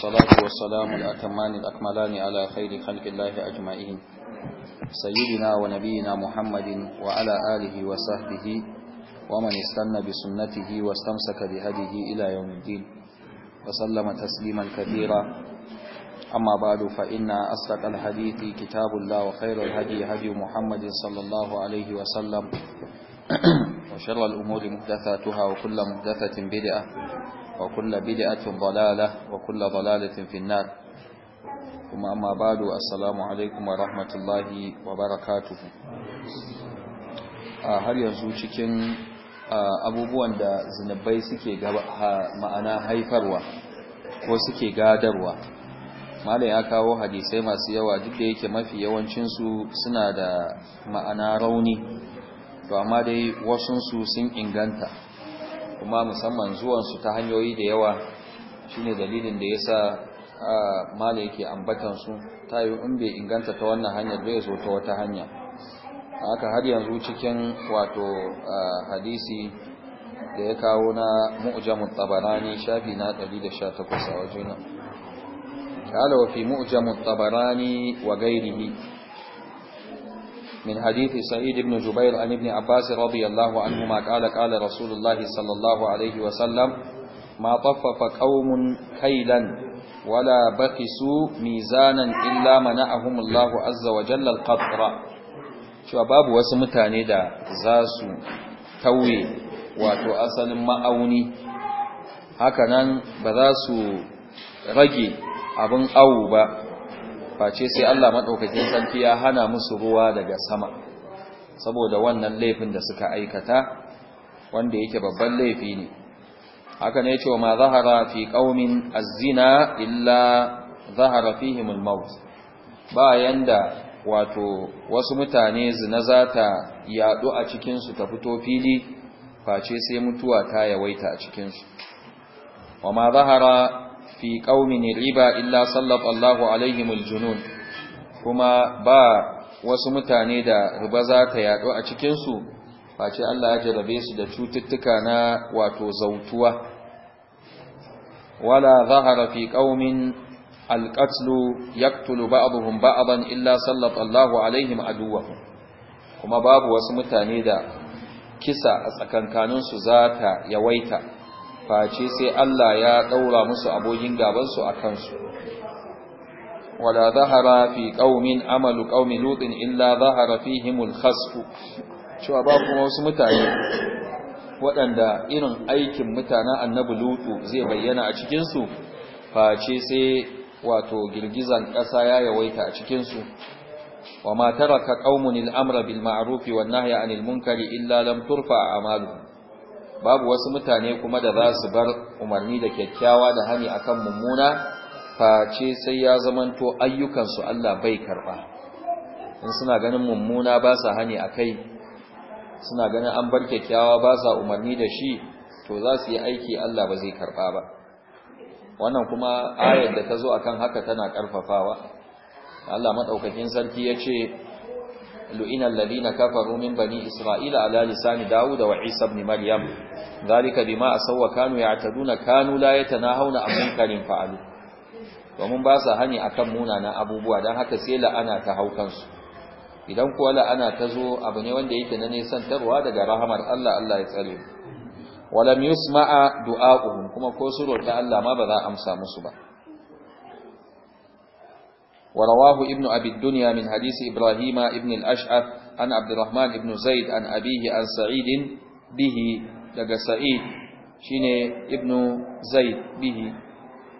salatu wa salamu da akamani da akamala ne ala khairi khalƙin lafi a jima'in sayidina wa nabiyina muhammadin wa ala alihi wa sahbihi wa manistanna bi sunnatihi wa stamsaka bi hadihi ila yawon wa sallama tasliman kabira amma ba'du fa inna asraqal hadithi kitabullah wa khairul hadi hadi muhammadin sallallahu alaihi wa sallam wa sharral umuri muhdathatuha wa kullu muhdathatin bid'ah وكل da ضلالة وكل ضلالة في النار ثم أما alaikum wa rahmatullahi wa الله A har yanzu cikin abubuwan da zunubai suke ma'ana haifarwa ko suke gadarwa malam ya kawo hadisai masu yawa duk da yake mafi yawancinsu suna da ma'ana rauni to amma dai wasunsu sun inganta kuma musamman zuwansu ta hanyoyi da yawa shine dalilin da ya sa mala yake ambatan su ta yi in bai inganta ta wannan hanyar bai zo ta wata hanya haka har yanzu cikin wato hadisi da ya kawo na mu'jamut tabarani shafi na 118 a wajena قال وفي مؤجم الطبراني ne. من حديث سعيد بن جبير عن ابن عباس رضي الله عنهما قال قال رسول الله صلى الله عليه وسلم ما طفف قوم كيلا ولا بخسوا ميزانا إلا منعهم الله عز وجل القطر cewa babu wasu mutane da za su kauye wato asalin ma'auni hakanan ba za su rage abin awu ba face sai Allah madaukakin sarki ya hana musu ruwa daga sama saboda wannan laifin da suka aikata wanda yake babban laifi ne haka ne cewa ma zahara fi qaumin az-zina illa zahara fihim al-maut ba yanda wato wasu mutane zina zata yadu a cikin su ta fito fili face sai mutuwa ta yawaita a cikin su wa ma zahara fi ƙaunin riba illa sallat Allahu alaihimul aljunun, kuma ba wasu mutane da riba za ta yado a cikin su face Allah ya jarabe su da cututtuka na wato zautuwa wala zahara fi qaumin القتل يقتل بعضهم بعضا illa سلط Allahu عليهم عدوهم kuma babu wasu mutane da kisa a tsakankaninsu za ta yawaita face sai Allah ya ɗaura musu abokin gabansu a kansu wala zahara fi qaumin amalu qaumi lutin illa zahara fihimul khasfu cewa ba kuma wasu mutane waɗanda irin aikin mutanen annabi lutu zai bayyana a cikinsu face sai wato girgizan ƙasa ya yawaita a cikinsu wa ma taraka qaumun al bil ma'ruf wan nahya anil munkari illa lam turfa amaluhum babu wasu mutane kuma da za su bar umarni da kyakkyawa da hani akan mummuna face sai ya zamanto ayyukansu Allah bai karba in suna ganin mummuna ba sa hani a kai, suna ganin an bar kyakkyawa ba sa umarni da shi to za su yi aiki Allah ba zai karba ba wannan kuma ayar da ta zo akan haka tana karfafawa Allah madaukakin sarki ya ce. لئن الذين كفروا من بني إسرائيل على لسان داود وعيسى بن مريم ذلك بما أسوا كانوا يعتدون كانوا لا يتناهون عن منكر فعلوا domin ba basa hani akan munana abubuwa don haka sai la'ana ta hau kansu idan kuwa la'ana ta zo abu ne wanda yake na nisan tarwa daga rahamar Allah Allah ya tsare wala yusma'a du'a'uhum kuma ko su Allah ma ba za a amsa musu ba ورواه ابن أبي الدنيا من حديث إبراهيم ابن الأشعث عن عبد الرحمن ابن زيد عن أبيه عن سعيد به لقى سعيد شين ابن زيد به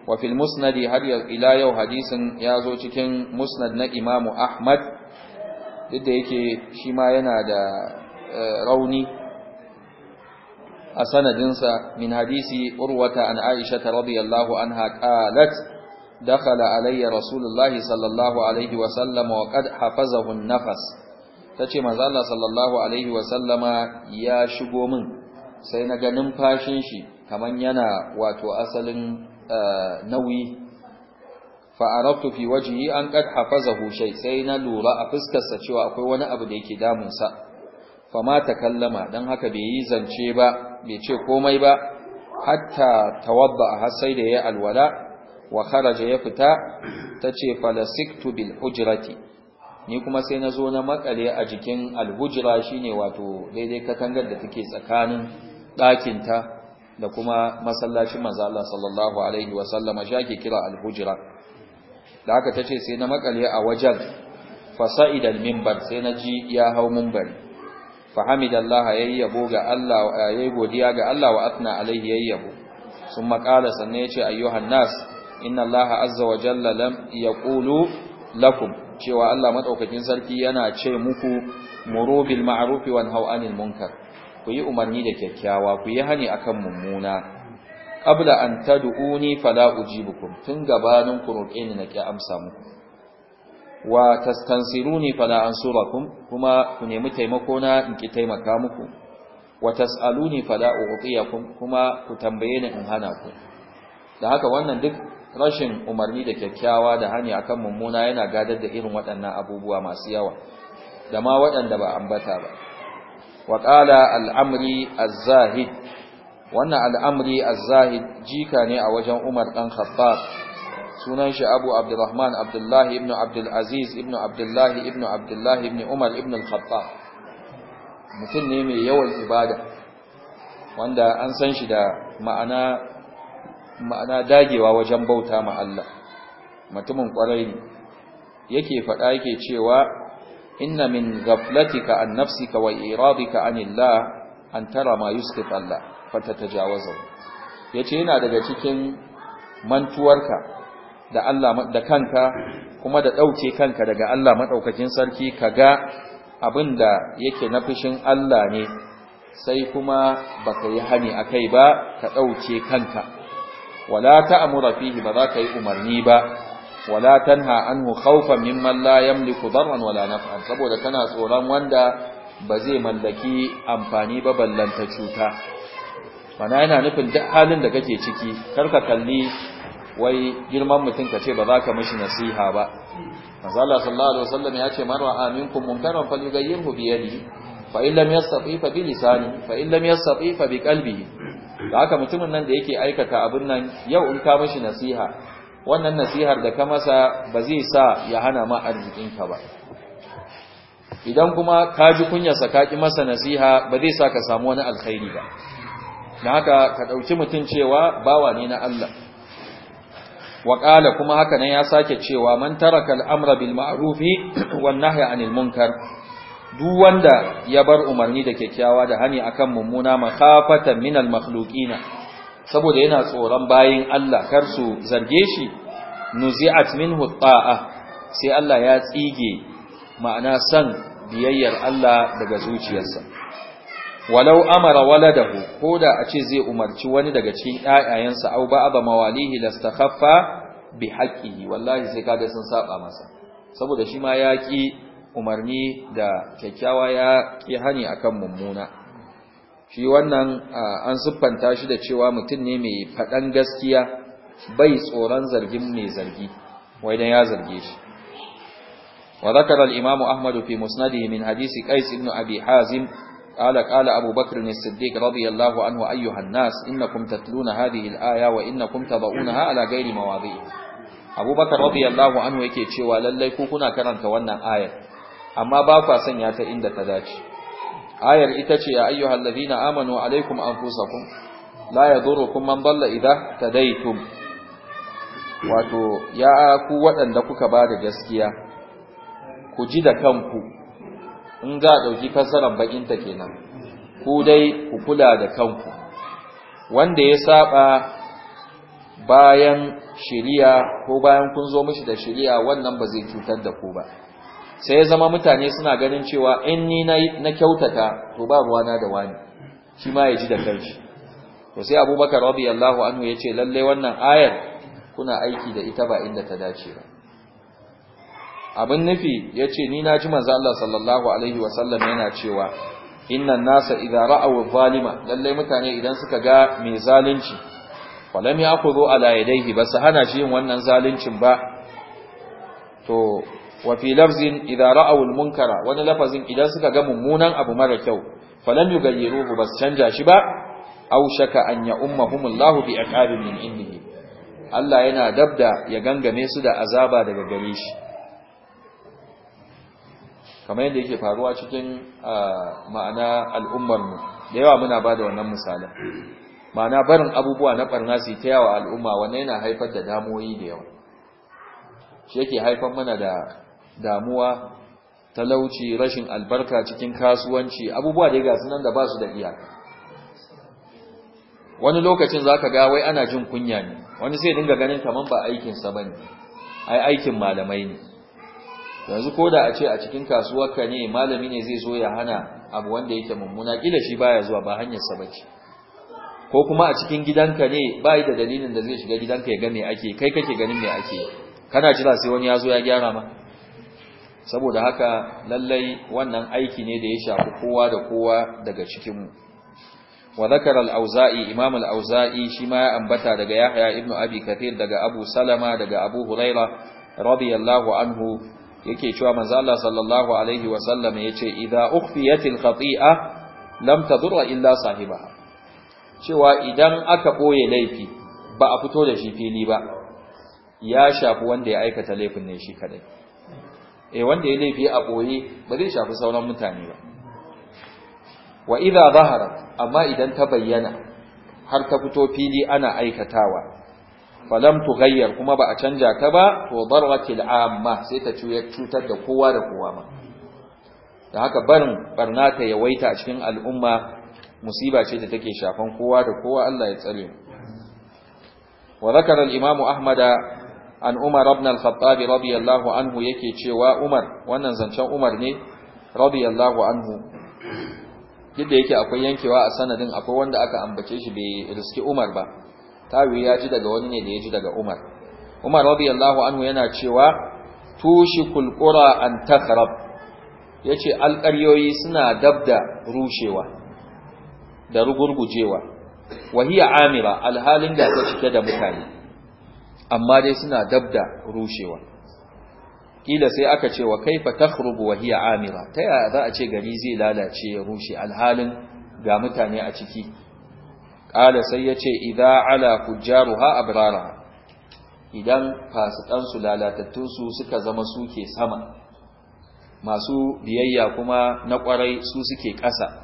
وفي المسند إلى يو حديث يازو تكين مسند إمام أحمد لدى يكي شما ينادى روني أسندنسا من حديث أروة عن عائشة رضي الله عنها قالت dakhala alayya rasulullahi sallallahu alaihi wa sallama wa qad hafazahu an-nafas tace manzo Allah sallallahu alaihi wa sallama ya shigo min sai na ganin fashin shi kaman yana wato asalin eh, nauyi fa araftu fi wajhi an qad hafazahu shay sai na lura a fuskar sa cewa akwai wani abu da yake damunsa fama takallama dan haka bai yi zance ba bai ce komai ba hatta tawadda har sai da yayi alwala wa kharaja ya fita tace falasiktu bil hujrati ni kuma sai na zo na makale a jikin alhujra shine wato daidai katangar da take tsakanin ɗakin ta da kuma masallacin manzo Allah sallallahu alaihi wa sallama shake kira alhujra da haka tace sai na makale a wajen fasa'id al-minbar sai na ji ya hau minbari fahamidallaha yayyabo ga Allah yayi godiya ga Allah wa atna alaihi yayyabo sun makala sannan yace ayyuhan nas inna allaha azza wa jalla lam yaqulu lakum cewa Allah madaukakin sarki yana ce muku muru bil ma'ruf wa nahu anil munkar ku yi umarni da kyakkyawa ku yi hani akan mummuna qabla an tad'uni fala ujibukum tun gabanin ku roƙe ni na ki amsa muku wa tastansiruni fala ansurakum kuma ku nemi taimako na in ki taimaka muku wa tasaluni fala u'tiyakum kuma ku tambaye ni in hana ku da haka wannan duk rashin umarni da kyakkyawa da hani akan mummuna yana gadar da irin waɗannan abubuwa masu yawa da ma waɗanda ba ambata ba wa qala al-amri az-zahid wannan al-amri az-zahid jika ne a wajen Umar dan Khattab sunan shi Abu Abdurrahman Abdullah ibn Abdul Aziz ibn Abdullah ibn Abdullah ibn Umar ibn khattab mutum ne mai yawan ibada wanda an san shi da ma'ana ma'ana dagewa wajen bauta ma Allah mutumin kwarai ne yake faɗa yake cewa inna min ghaflatika an nafsika wa iradika anillah an tara ma yusqit Allah fatatajawazu yace yana daga cikin mantuwarka da Allah da kanka kuma da dauke kanka daga Allah madaukakin sarki kaga abinda yake na fishin Allah ne sai kuma baka yi hani akai ba ka dauke kanka wala ta'muru fihi ba za ka yi umarni ba wala tanha anhu khawfan mimman la yamliku darran wala naf'an saboda kana tsoron wanda ba zai mallaki amfani ba ta cuta mana yana nufin duk halin da kake ciki karka kalli wai girman mutum ka ce ba za ka mishi nasiha ba manzo Allah sallallahu alaihi wasallam ya ce marwa aminkum munkaran falyughayyirhu bi yadihi Fa'in in lam yastati fa bi lisani fa lam yastati fa bi da mutumin nan da yake aikata abin nan yau in ka mashi nasiha wannan nasihar da ka masa ba zai sa ya hana ma arzikinka ba idan kuma ka ji kunyarsa ka ki masa nasiha ba zai sa ka samu wani alkhairi ba na haka ka ɗauki mutum cewa bawa ne na Allah waƙala kuma haka nan ya sake cewa man taraka al'amra bil ma'rufi wan nahya anil munkar duk wanda ya bar umarni da kyakkyawa da hani akan mummuna makafatan minal makhluqina saboda yana tsoron bayin Allah kar su zarge shi nuzi'at minhu ta'a sai Allah ya tsige ma'ana san biyayyar Allah daga zuciyarsa walau amara waladahu koda a ce zai umarci wani daga cikin ƴaƴayensa au ba'da mawalihi lastakhaffa bi wallahi sai kaga sun saba masa saboda shi ma ya ki umarni da kyakkyawa ya ƙi hani a kan mummuna shi wannan an siffanta shi da cewa mutum ne mai faɗan gaskiya bai tsoron zargin mai zargi wai dan ya zarge shi wa zakara al-imam ahmad fi musnadihi min hadisi qais ibn abi hazim قال قال أبو بكر الصديق رضي الله عنه أيها الناس إنكم تتلون هذه الآية وإنكم تضعونها على غير gairi أبو بكر رضي الله Anhu yake cewa lallai ku kuna karanta wannan ayar amma ba kwa sanya ta inda ta dace ayar ita ce ya ayyuhal ladina amanu alaikum anfusakum la yadurukum man dalla idha tadaytum wato ya ku waɗanda kuka ba da gaskiya ku ji da kanku in za a ɗauki fassarar ta kenan ku dai ku kula da kanku wanda ya saba bayan shiriya ko bayan kun zo mishi da shiriya wannan ba zai cutar da ku ba sai ya zama mutane suna ganin cewa in ni na kyautata to ba ruwana da wani shi ma ya ji da kanshi to sai abubakar radiyallahu anhu ya ce lallai wannan ayar kuna aiki da ita ba inda ta dace ba abin nufi ya ce ni na ji manzo Allah sallallahu alaihi wasallam yana cewa innan nasa idza ra'aw zalima lallai mutane idan suka ga mai zalunci falam ya'khudhu ala yadayhi su hana shi yin wannan zaluncin ba to wa fi lafzin idza ra'aw al munkara wani lafazin idan suka ga mummunan abu mara kyau falam ba bas canja shi ba aw shaka an ya ummahumullahu bi aqabin min indihi Allah yana dabda ya gangame su da azaba daga gare shi kamar yadda yake faruwa cikin ma'ana al'ummar da yawa muna bada wannan misalin. ma'ana barin abubuwa na barna su ta yawa al'umma wannan yana haifar da damoyi da yawa shi yake haifar mana da damuwa talauci rashin albarka cikin kasuwanci abubuwa da ga sunan da ba su da iyaka wani lokacin zaka ga wai ana jin kunya ne wani sai dinga ganin kaman ba aikin sa bane ai aikin malamai ne yanzu koda a ce a cikin kasuwarka ne malami ne zai zo ya hana abu wanda yake mummuna kila shi baya zuwa ba hanyar sa bace ko kuma a cikin gidanka ne bai da dalilin da zai shiga gidanka ya ga me ake kai kake ganin me ake kana jira sai wani ya zo ya gyara ma saboda haka lallai wannan aiki ne da ya shafi kowa da kowa daga cikinmu wa zakara al-auza'i imam al-auza'i shi ma ya ambata daga yahya ibnu abi kathir daga abu salama daga abu huraira radiyallahu anhu yake cewa manzo Allah sallallahu alaihi wa sallam yace idza ukhfiyat al-khati'a lam tadurra illa sahibaha cewa idan aka boye laifi ba a fito da shi fili ba ya shafi wanda ya aikata laifin ne shi kadai eh wanda ya laifi a boye ba zai shafi sauran mutane ba wa idza zahara amma idan ta bayyana har ta fito fili ana aikatawa falam tughayyar kuma ba a canja ta ba to darwatil amma sai ta cutar da kowa da kowa ma da haka barin barna ta yawaita a cikin al'umma musiba ce da take shafan kowa da kowa Allah ya tsare mu wa zakara al imamu ahmada an Umar ibn al-Khattab radiyallahu anhu yake cewa Umar wannan zancen Umar ne radiyallahu anhu yadda yake akwai yankewa a sanadin akwai wanda aka ambace shi bai riski Umar ba tawi ya ji daga wani ne da ya ji daga Umar Umar radiyallahu anhu yana cewa tushikul qura an takhrab yace alƙaryoyi suna dabda rushewa da rugurgujewa wahiya amira alhalin da ta cike da mutane amma dai suna dabda rushewa kila sai aka ce wa kaifa takhrubu wa hiya amira ta ya za a ce gari zai lalace ya rushe alhalin ga mutane a ciki kala sai yace idza ala fujjaruha abrara idan fasikan su lalatattun su suka zama suke sama masu biyayya kuma na kwarai su suke ƙasa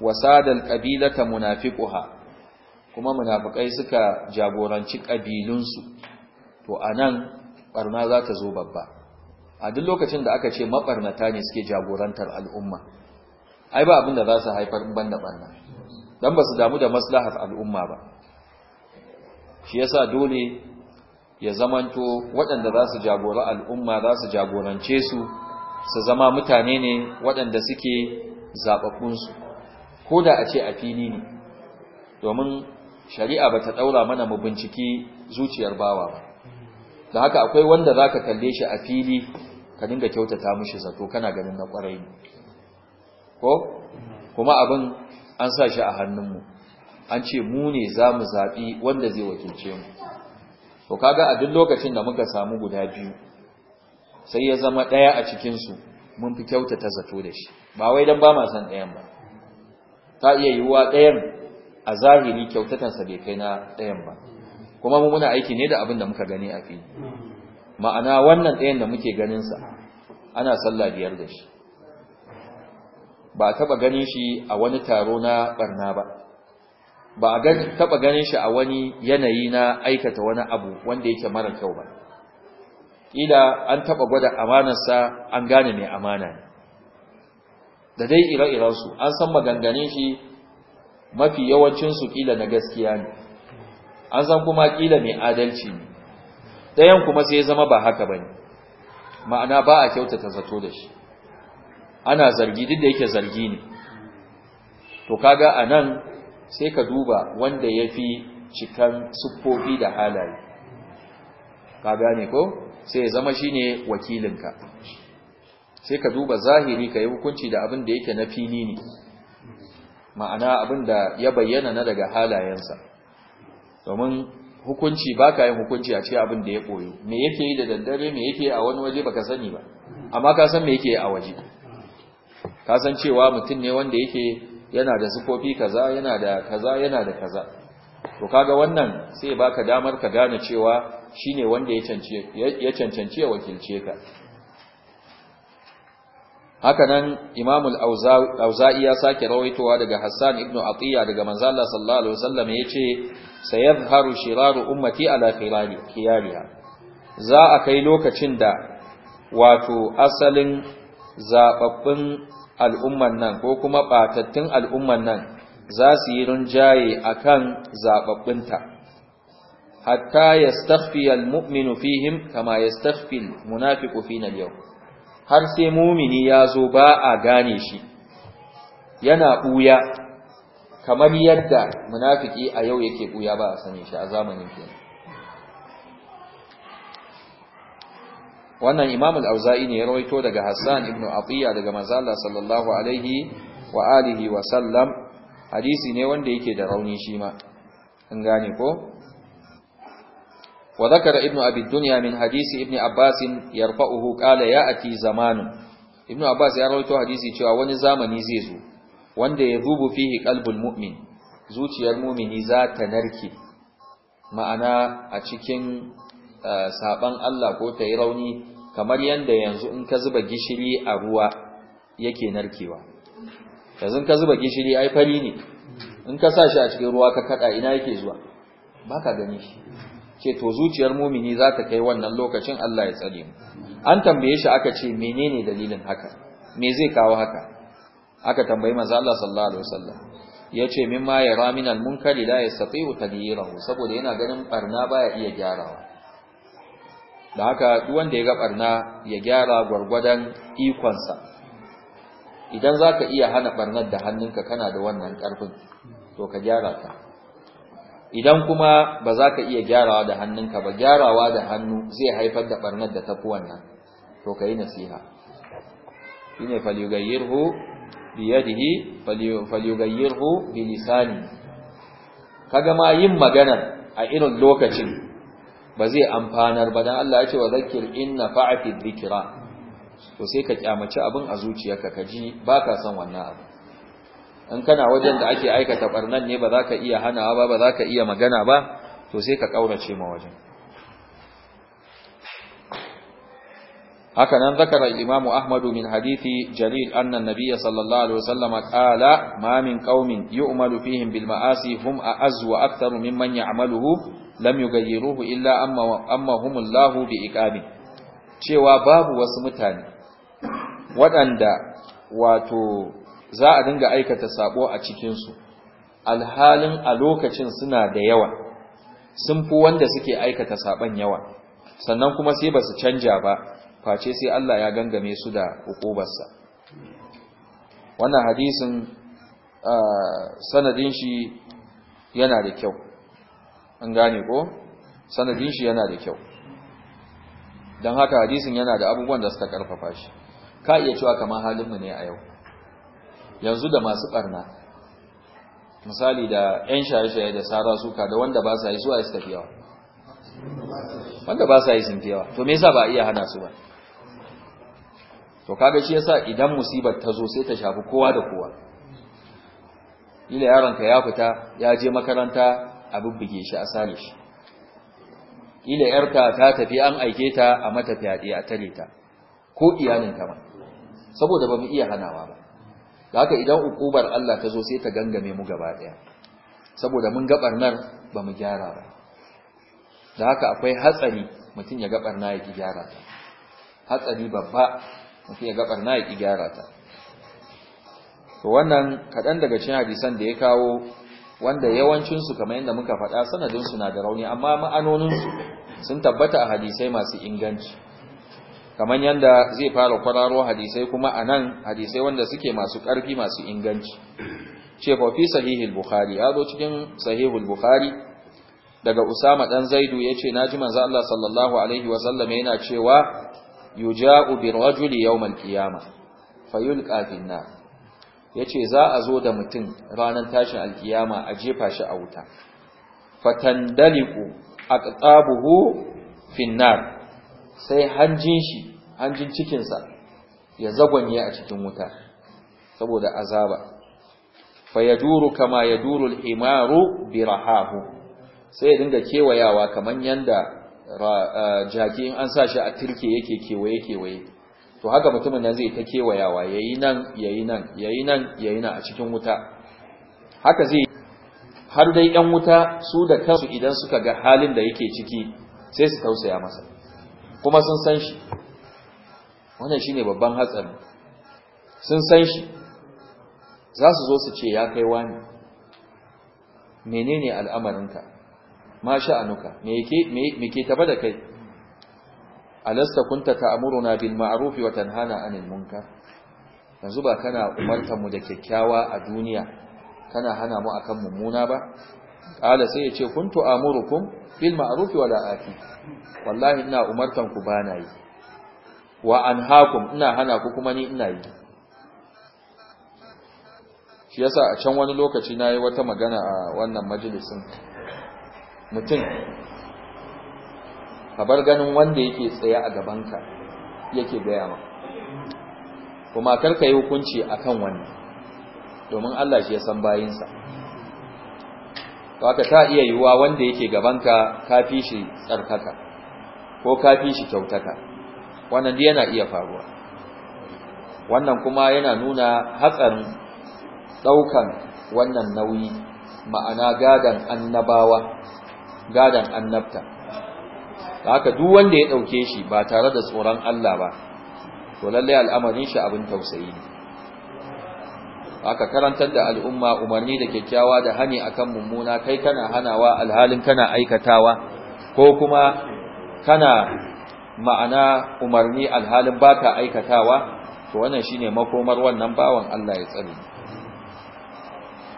wasadal qabilata munafiquha kuma munafukai suka jagoranci ƙabilunsu, to a nan barna za ta zo babba a duk lokacin da aka ce maɓarnata ne suke jagorantar al'umma ai ba abin da za su haifar in banda barna don ba su damu da maslahar al'umma ba shi yasa dole ya zamanto waɗanda za su jagora al'umma za su jagorance su su zama mutane ne waɗanda suke zaɓaɓɓunsu ko da a ce a fili ne domin shari'a ba ta ɗaura mana mu binciki zuciyar bawa ba da haka akwai wanda za ka kalle shi a fili ka dinga kyautata mishi zato kana ganin na kwarai ne ko kuma abin an sa shi a hannunmu an ce mu ne za mu zaɓi wanda zai wakilce mu to kaga a duk lokacin da muka samu guda biyu sai ya zama ɗaya a cikin su mun fi kyautata zato da shi ba wai dan ba ma san ɗayan ba ta iya yiwuwa ɗayan a zahiri kyautatansa bai kai na ɗayan ba kuma mu muna aiki ne da abin da muka gani a fili ma'ana wannan ɗayan da muke ganinsa ana sallah biyar da shi ba a taɓa ganin shi a wani taro na ɓarna ba ba a taɓa ganin shi a wani yanayi na aikata wani abu wanda yake mara kyau ba ƙila an taɓa gwada amanarsa an gane mai amana ne da dai ire-irensu an san maganganun shi mafi yawancinsu kila na gaskiya ne an san kuma ƙila mai adalci ne ɗayan kuma sai zama ba haka ba ne ma'ana ba a kyautata zato da shi ana zargi duk da yake zargi ne to kaga a nan sai ka duba wanda ya fi cikan siffofi da halaye ka gane ko sai ya zama shi wakilinka sai ka duba zahiri ka yi hukunci da abin da yake na fili ne ma'ana abin da ya bayyana na daga halayensa domin hukunci ba ka yin hukunci a ce abin da ya koyo me yake yi da daddare me yake a wani waje Ba ka sani ba amma ka san me yake a waje ka san cewa mutum ne wanda yake yana da sufofi kaza yana da kaza yana da kaza to kaga wannan sai baka damar ka gane cewa shi ne wanda ya cancanci ya wakilce ka haka nan imamul auzai ya sake rawaitowa daga hassan ibn atiya daga Manzala sallallahu alaihi wasallam yace Haru shiraru ummati ala khirani za a kai lokacin da wato asalin zababbin al'umman nan ko kuma batattun al'umman nan za su yi rinjaye a kan zababbinta hatta yastakhfi al-mu'minu fihim kama yastakhfi al-munafiqu fina al yau. har sai mumini ya zo ba a gane shi yana ɓuya kamar yadda munafiki a yau yake ɓuya ba a sani shi a zamanin ke wannan imam al-auza'i ne ya rawaito daga hassan Ibnu atiya daga Mazala sallallahu alaihi wa alihi wa sallam hadisi ne wanda yake da rauni shi ma an gane ko وذكر ابن أبي الدنيا من حديث ابن عباس يرفعه قال يأتي زمان ابن عباس يروي تو حديثي cewa wani zamani zai zo wanda ya rubu fihi qalbul mu'min zuciyar mu'mini za ta narke ma'ana a cikin saban kamar yanda yanzu in ka zuba gishiri a ruwa yake narkewa yanzu in ka zuba gishiri ai fari ne in ka sa shi a cikin ruwa ka kada ina yake zuwa baka gani shi ce to zuciyar mumini za ta kai wannan lokacin Allah ya tsare mu an tambaye shi aka ce menene dalilin haka me zai kawo haka aka tambayi manzo Allah sallallahu alaihi wasallam yace mimma yara minal munkari la yastati'u taghyirahu saboda yana ganin barna baya iya gyarawa da haka duk wanda ya ga barna ya gyara ikon ikonsa idan zaka iya hana barnar da hannunka kana da wannan karfin to ka gyara ta idan kuma ba za ka iya gyarawa da hannunka ba gyarawa da hannu zai haifar da barnar da ta fi wannan to ka yi nasiha shi ne falyugayyirhu biyadihi falyugayyirhu bilisani Ka gama yin maganar a irin lokacin ba zai amfanar ba don Allah ya ce wa zakir inna fa'ati dhikra to sai ka kyamaci abin a zuciyarka ka ji ka son wannan abu in kana wajen da ake aikata barnan ne ba za ka iya hanawa ba ba za ka iya magana ba to sai ka ƙaurace ma wajen haka nan zakara imamu ahmadu min hadithi jalil anna nabiyya sallallahu alaihi wasallam qala ma min qaumin yu'malu fihim bil ma'asi hum a'azzu wa aktharu mimman ya'maluhu lam yughayyiruhu illa amma amma humullahu bi iqabi cewa babu wasu mutane waɗanda wato za a dinga aikata sabo a cikinsu alhalin a lokacin suna da yawa sun fi wanda suke aikata saban yawa sannan kuma sai ba su canja ba face sai Allah ya gangame su da hukubarsa wannan hadisin sanadin shi yana da kyau an gane ko sanadin shi yana da kyau don haka hadisin yana da abubuwan da suka karfafa shi ka iya cewa kamar halinmu ne a yau yanzu da masu barna misali da 'yan shaye-shaye da sara suka da wanda ba sa yi suwa su tafi wanda ba sa yi sun fi to me yasa ba iya hana su ba to kaga shi yasa idan musibar ta zo sai ta shafi kowa da kowa ila yaronka ya fita ya je makaranta a bubbuge shi a sale shi ila yarka ta tafi an aike ta a mata fyaɗe a tare ta ko iyalinka ma saboda ba mu iya hanawa ba haka idan ukubar Allah ta zo sai ta gangame mu gaba daya saboda mun ga barnar ba mu gyara ba da haka akwai hatsari mutum ya ga barna ya ki gyara ta hatsari babba mutum ya ga barna ya ki gyara ta to wannan kadan daga cikin hadisan da ya kawo wanda yawancinsu su kamar yadda muka faɗa sanadin su na da rauni amma ma'anonin sun tabbata a hadisai masu inganci kamar yadda zai fara kwararo hadisai kuma a nan hadisai wanda suke masu ƙarfi masu inganci ce fi sahihul bukhari ya zo cikin sahihul bukhari daga usama dan zaidu ya ce na ji manzo Allah sallallahu alaihi wasallam yana cewa yuja'u bi rajuli yawmal qiyama fayulqa fin yace za a zo da mutum ranar tashin alkiyama a jefa shi a wuta fatandaliqu aqtabuhu fin sai hanjin shi hanjin cikinsa ya zagwanye a cikin wuta saboda azaba fa yaduru kama yaduru al-himaru bi rahahu sai ya dinga kewayawa kaman yanda jaki an sa shi a turke yake kewaye kewaye to haka mutumin nan zai ta kewayawa yayi nan yayi nan yayi nan yayi nan a cikin wuta haka zai har dai ɗan wuta su da kansu idan suka ga halin da yake ciki sai su tausaya masa kuma sun san shi wannan shine babban hatsari sun san shi za su zo su ce ya kai wani menene al'amarinka ma anuka me ke taba da kai alasta kunta ta'muruna bil ma'ruf wa tanhana 'anil munkar yanzu ba kana umarta mu da kyakkyawa a duniya kana hana mu akan mummuna ba kala sai ya ce kuntu amurukum bil ma'ruf wa la'ati wallahi ina umartan ku bana yi wa anhaakum ina hana ku kuma ni ina yi shi yasa a can wani lokaci nayi wata magana a wannan majalisin mutum a ganin wanda yake tsaya a gabanka yake gaya ma kuma karka yi hukunci akan wannan domin Allah shi ya san bayinsa to haka ta iya yiwuwa wanda yake gabanka ka fi shi tsarkaka ko ka fi shi kyautaka wannan dai yana iya faruwa wannan kuma yana nuna hatsarin daukan wannan nauyi ma'ana gadan annabawa gadan annabta haka duk wanda ya dauke shi ba tare da tsoron Allah ba to lalle al'amarin shi abin tausayi ne aka karantar da al'umma umarni da kyakkyawa da hani akan mummuna kai kana hanawa alhalin kana aikatawa ko kuma kana ma'ana umarni alhalin baka aikatawa to wannan shine makomar wannan bawan Allah ya tsare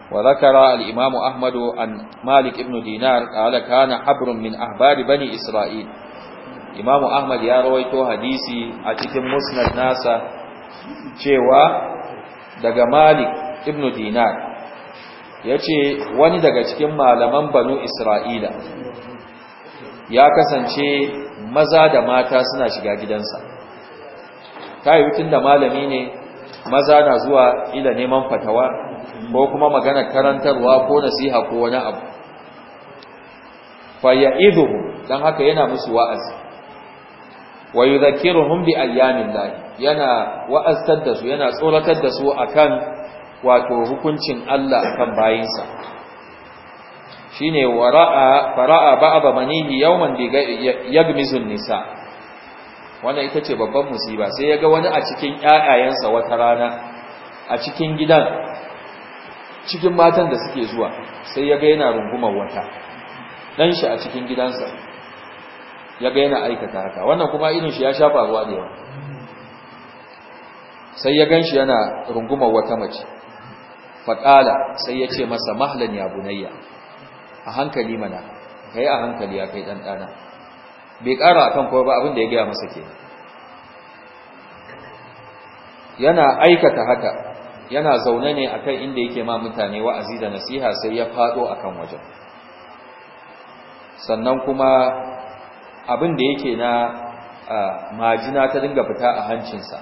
wa zakara al-imam Ahmad an Malik ibn Dinar qala kana habrun min ahbari bani Isra'il Imam Ahmad ya rawaito hadisi a cikin musnad nasa cewa daga malik ibn dinar ya ce wani daga cikin malaman banu isra'ila ya kasance maza da mata suna shiga gidansa ta yi da malami ne maza na zuwa ila neman fatawa ko kuma magana karantarwa ko nasiha ko wani abu ya'idhu dan haka yana musu wa'azi wa yudhakkiruhum bi ayyamillah yana wa'azzar da su yana tsoratar da su akan wato hukuncin Allah akan bayinsa shine wara'a fara'a ba'da manihi yawman bi yagmizun nisa wannan ita ce babban musiba sai ya ga wani a cikin ƴaƴayensa wata rana a cikin gidan cikin matan da suke zuwa sai ya ga yana rungumar wata dan shi a cikin gidansa ya ga yana aikata haka wannan kuma irin shi ya sha faruwa da yawa sai ya ganshi yana rungumar wata mace faqala sai ya ce masa mahlan ya bunayya a hankali mana ka yi a hankali ya kai dana bai ƙara akan ko ba abin da ya gaya masa ke yana aikata haka yana zaune ne akan inda yake ma mutane wa'azi da nasiha sai ya faɗo akan wajen sannan kuma abin da yake na majina ta dinga fita a hancinsa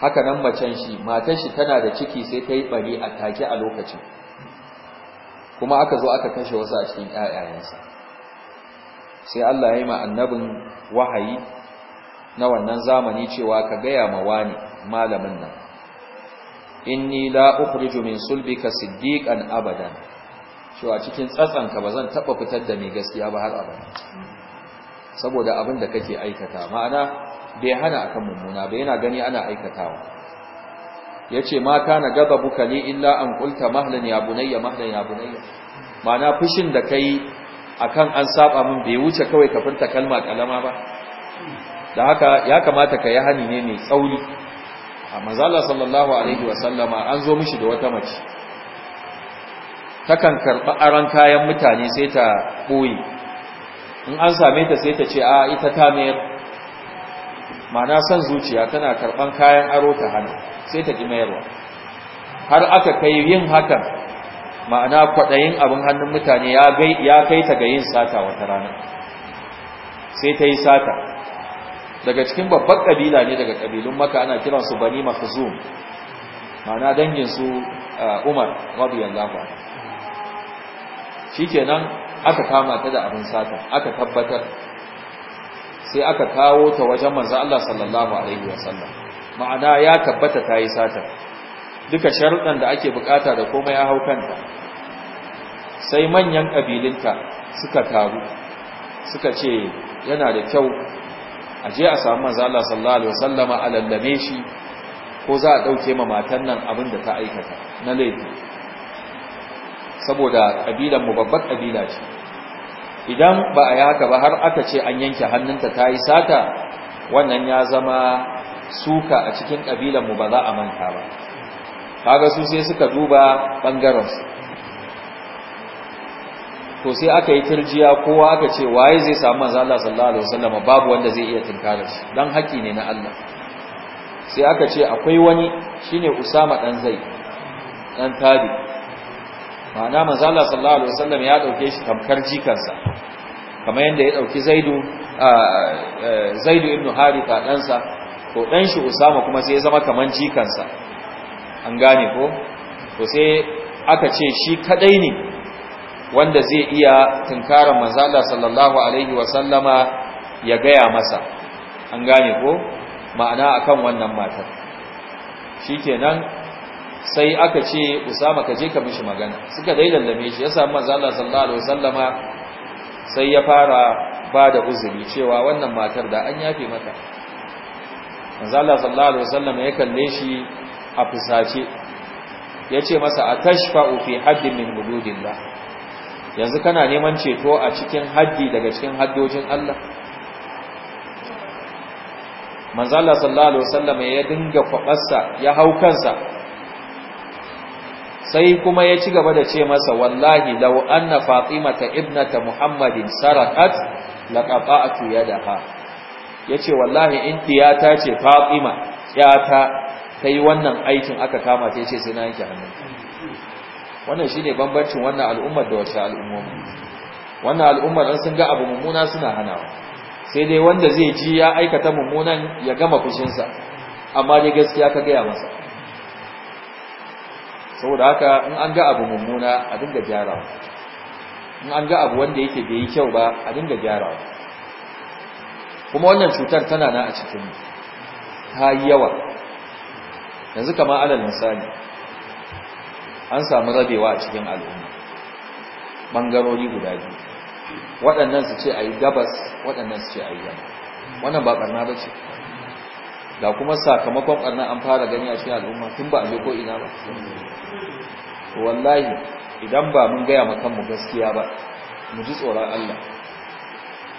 haka nan macen shi matar shi tana da ciki sai ta yi bari a take a lokacin kuma aka zo aka kashe wasu a cikin ƴaƴayensa sai Allah ya yi ma annabin wahayi na wannan zamani cewa ka gaya ma wani malamin nan inni la ukhriju min sulbika siddiqan abadan cewa cikin tsatsanka ba zan taɓa fitar da mai gaskiya ba har abada saboda abin da kake aikata ma'ana bai hana akan mummuna ba yana gani ana aikatawa yace mata na gaba buka ne illa an kulta mahlan ya bunayya mahlan ya bunayya ma'ana fushin da ka yi a kan an saba min bai wuce kawai ka furta kalma kalama ba da haka ya kamata ka yi hani ne mai tsauri a manzala sallallahu alaihi wasallama an zo mishi da wata mace takan karɓi aron kayan mutane sai ta ɓoye in an same ta sai ta ce a ita ta mayar mana son zuciya tana karɓan kayan aro ta hana sai ta ƙi mayarwa har aka kai yin hakan ma'ana kwaɗayin abin hannun mutane ya kai ta ga yin sata wata rana sai ta yi sata daga cikin babban ƙabila ne daga ƙabilun maka ana kiransu bani zuwa ma'ana danginsu uh, umar radiyallahu anhu shikenan aka kama ta da abin sata aka tabbatar sai aka kawo ta wajen manzo Allah sallallahu alaihi wasallam ma'ana ya tabbata ta yi sata duka sharuɗan da ake bukata da komai ya hau kanta sai manyan kabilinta suka taru suka ce yana da kyau a je a samu manzo Allah sallallahu alaihi wasallama a lallame shi ko za a dauke ma matan nan abin da ta aikata na laifi saboda kabilan mu babbar kabila ce idan ba a yi haka ba har aka ce an yanke hannunta ta yi sata wannan ya zama suka a cikin kabilan mu ba za a manta ba kaga su sai suka duba bangaren su to sai aka yi turjiya kowa aka ce waye zai samu manzo Allah sallallahu alaihi wasallam babu wanda zai iya tinkarar shi dan haƙi ne na Allah sai aka ce akwai wani shine Usama dan Zaid dan Thabit ma'ana manzo Allah sallallahu alaihi wasallam ya dauke shi tamkar jikansa kamar yadda ya dauki Zaidu Zaidu ibn Haritha dan sa ko dan shi Usama kuma sai ya zama kamar jikansa an gane ko to sai aka ce shi kadai ne wanda zai iya tunkarar manzo Allah sallallahu alaihi wasallama ya gaya masa an gane ko ma'ana akan wannan matar shikenan sai aka ce usama ka je ka mishi magana suka dai lallame shi ya samu manzala sallallahu alaihi wasallama sai ya fara ba da uzuri cewa wannan matar da an yafe mata manzala sallallahu alaihi wasallama ya kalle shi a fusace ya ce masa a tashfa'u fi haddimin min hududillah yanzu kana neman ceto a cikin haddi daga cikin haddojin Allah manzala sallallahu alaihi wasallama ya dinga kwabarsa ya hau kansa sai kuma ya ci gaba da ce masa wallahi law anna fatimata ibnata muhammadin sarakat laqata'tu yadaha yace wallahi in ta ce fatima yata kai wannan aikin aka kama ta yace sai na yanke hannu wannan shine bambancin wannan al'ummar da wasu al'umma wannan al'ummar sun ga abu mummuna suna hanawa sai dai wanda zai ji ya aikata mummunan ya gama fushinsa amma dai gaskiya ka gaya masa saboda haka in an ga abu mummuna a dinga gyarawa in an ga abu wanda yake bai yi kyau ba a dinga gyarawa kuma wannan cutar tana na a cikin ta yi yawa yanzu kama alal misali an samu rabewa a cikin al'umma ɓangarori guda biyu waɗannan su ce a yi gabas waɗannan su ce a yi yamma wannan ba ɓarna ba ce da kuma sakamakon ɓarnar an fara gani a cikin al'umma tun ba a je ko ina ba wallahi idan ba mun gaya ma kanmu gaskiya ba mu ji tsoron Allah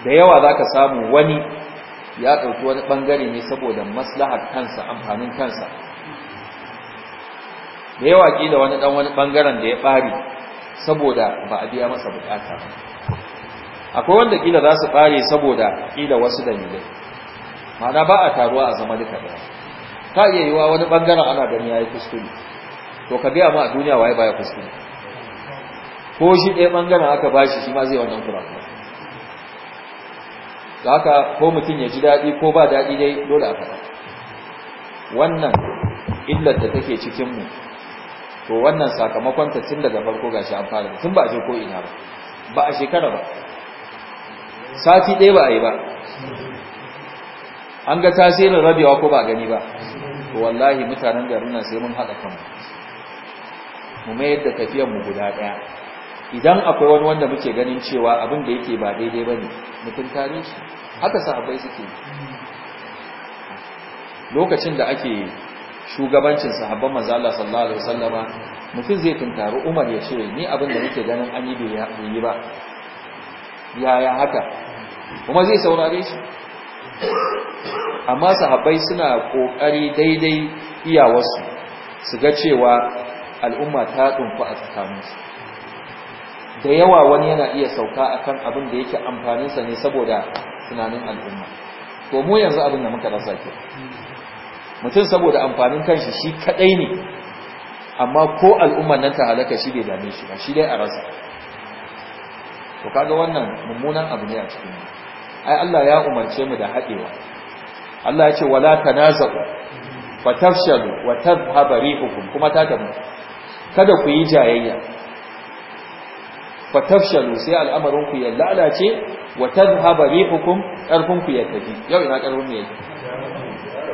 da yawa za ka samu wani ya ɗauki wani ɓangare ne saboda maslahar kansa amfanin kansa da yawa da wani ɗan wani ɓangaren da ya ɓari saboda ba a biya masa bukata akwai wanda ƙila za su ɓare saboda ƙila wasu dalilai ma'ana ba a taruwa a zama duka da. ta iya yi wa wani bangaren ana gani yi kuskure to ka biya ma a duniya waye baya kuskure ko shi ɗaya bangaren aka bashi shi ma zai wannan kuma da haka ko mutum ya ji daɗi ko ba daɗi dai dole a faɗa wannan illar da take cikin mu to wannan sakamakon ta tun daga farko gashi an fara tun ba a je ko ina ba ba a shekara ba sati ɗaya ba a yi ba an ga tasirin rabewa ko ba gani ba To wallahi mutanen garin nan sai mun haɗa kanmu mu mayar da tafiyar mu guda ɗaya idan akwai wani wanda muke ganin cewa abin da yake ba daidai bane mutum tare shi haka sahabbai suke lokacin da ake shugabancin sahabban manzo Allah sallallahu alaihi wasallama mutum zai tuntaru Umar ya ce ni abin da nake ganin an yi bai yi ba yaya haka kuma zai saurare shi amma sahabbai suna kokari daidai iyawarsu su ga cewa al'umma ta dunku a tsakaninsu da yawa wani yana iya sauka akan abin da yake amfaninsa ne saboda tunanin al'umma to mu yanzu abin da muka rasa ke mutum saboda amfanin kanshi shi kadai ne amma ko al'umman nan ta halaka shi bai dame shi ba shi dai a rasa to kaga wannan mummunan abu ne a cikin mu ai Allah ya umarce mu da haɗewa Allah ya ce wala tanaza'u wa tafshalu wa tadhhabu rihukum kuma ta tabu kada ku yi jayayya fa tafshalu sai al'amarin ku ya lalace wa tadhhabu rihukum karfin ku ya tafi yau ina karfin yake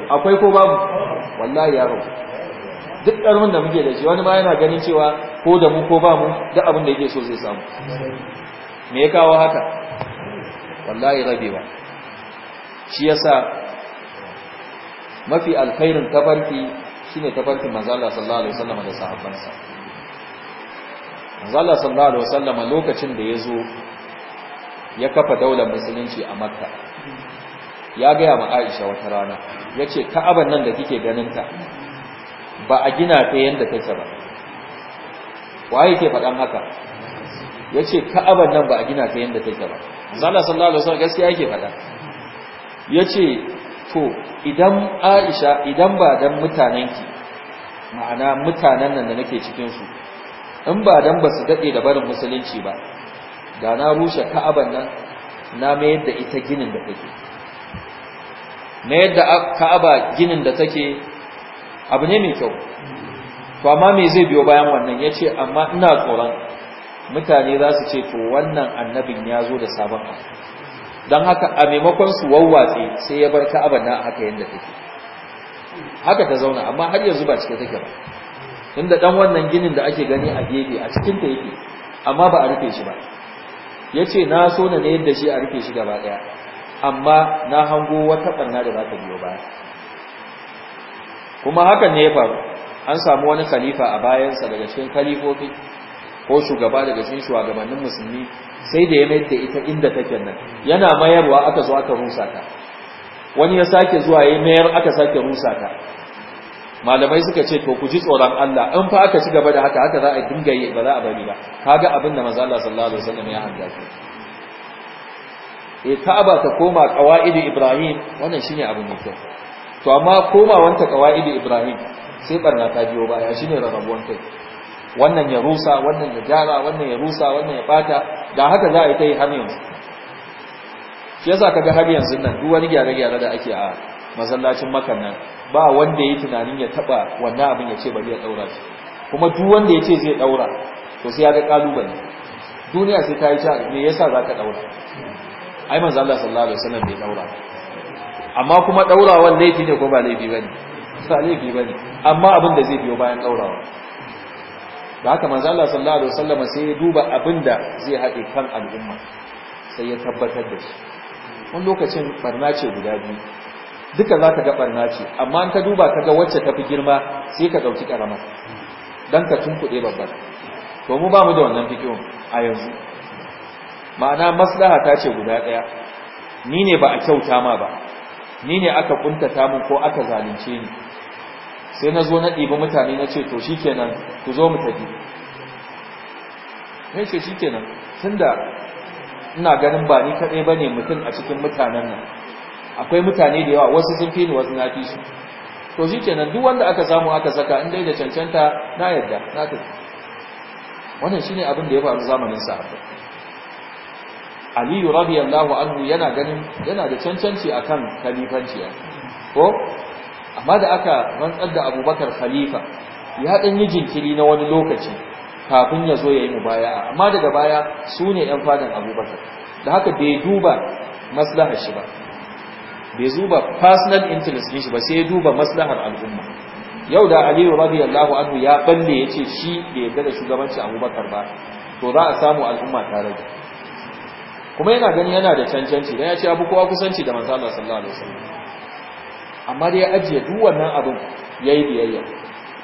akwai ko babu wallahi ya rabu duk karfin da muke da shi wani ma yana ganin cewa ko da mu ko ba mu duk abin da yake so zai samu me ya kawo haka wallahi rabewa shi yasa mafi alkhairin tabarki shine tabarkin manzo Allah sallallahu alaihi wasallam da sahabbansa manzo Allah sallallahu alaihi wasallam lokacin da yazo ya kafa daular musulunci a Makka ya gaya ya Aisha wata rana yace Ka'aban nan da kike ganin ta ba a gina ta yanda take ba waye ke faɗan haka yace Ka'aban nan ba a gina ta yanda take ba zana sallallahu alaihi wasallam gaskiya yake faɗa yace to idan Aisha idan ba dan mutanenki ma'ana mutanen nan da nake cikin su in ba dan ba su dade da barin musulunci ba da na rushe Ka'aban nan na mayar da ita ginin da take mayar da Ka'aba ginin da take abu ne mai kyau to amma me zai biyo bayan wannan yace amma ina tsoron mutane za su ce to wannan annabin ya zo da sabon abu don haka a maimakon su wawwatse sai ya bar ka'aba na haka yadda take haka ta zauna amma har yanzu ba cike take ba inda dan wannan ginin da ake gani a gefe a cikin ta yake amma ba a rufe shi ba yace na so na ne yadda shi a rufe shi gaba daya amma na hango wata banna da za ta biyo ba. kuma hakan ne ya faru an samu wani khalifa a bayansa daga cikin khalifofi ko shugaba daga cikin shugabannin musulmi sai da ya mayar da ita inda take nan yana mayarwa aka zo aka rusa ta wani ya sake zuwa ya mayar aka sake rusa ta malamai suka ce to ku ji tsoron Allah in fa aka ci gaba da haka haka za a dinga yi ba za a bari ba kaga abin da manzo Allah sallallahu alaihi wasallam ya hanga shi e Ka'aba ta koma qawaidi Ibrahim wannan shine abin da kyau to amma komawanta qawaidi Ibrahim sai barna ta biyo baya shine rarrabuwan kai wannan ya rusa wannan ya gyara wannan ya rusa wannan ya bata da haka za a yi ta yi har yanzu shi yasa kaga har yanzu nan duk wani gyare-gyare da ake a masallacin makan nan ba wanda ya tunanin ya taba wannan abin ya ce bari ya daura shi kuma duk wanda ya ce zai daura to sai ya ga kalubale duniya sai ta yi ta me yasa za ka daura ai manzo Allah sallallahu alaihi wasallam bai daura amma kuma daurawan laifi ne ko ba laifi bane ba laifi bane amma abin da zai biyo bayan daurawa da haka manzo Allah sallallahu alaihi wasallam sai ya duba abinda zai haɗe kan al'umma sai ya tabbatar da shi wannan lokacin barna ce guda biyu duka za ka ga barna ce amma in ka duba ka ga wacce tafi girma sai ka ɗauki karama Dan ka tunkuɗe babbar to mu ba mu da wannan fikiyon a yanzu ma'ana maslaha ta ce guda ɗaya ni ne ba a kyauta ma ba ni ne aka kuntata mun ko aka zalunce ni sai na zo na ɗiba mutane na ce to shi kenan ku zo mu tafi mai ce shi kenan tun da ina ganin ba ni kaɗai ba ne mutum a cikin mutanen nan akwai mutane da yawa wasu sun fi ni wasu na fi su to shi kenan duk wanda aka samu aka saka in dai da cancanta na yarda na tafi wannan shi ne abin da ya faru zamanin sa aliyu radiyallahu anhu yana ganin yana da cancanci akan khalifanci ko amma da aka rantsar da abubakar khalifa ya ɗan yi jinkiri na wani lokaci kafin ya zo ya yi mu mubaya'a amma daga baya su ne ‘yan fadan abubakar da haka bai duba maslahar shi ba bai zuba personal interest shi ba sai ya duba maslahar al'umma yau da aliyu radiyallahu anhu ya balle ya ce shi bai yarda da shugabanci abubakar ba to za a samu al'umma tare da kuma yana gani yana da cancanci don ya ce abu kowa kusanci da manzo Allah sallallahu alaihi wasallam amma dai ya ajiye duk wannan abin yayi biyayya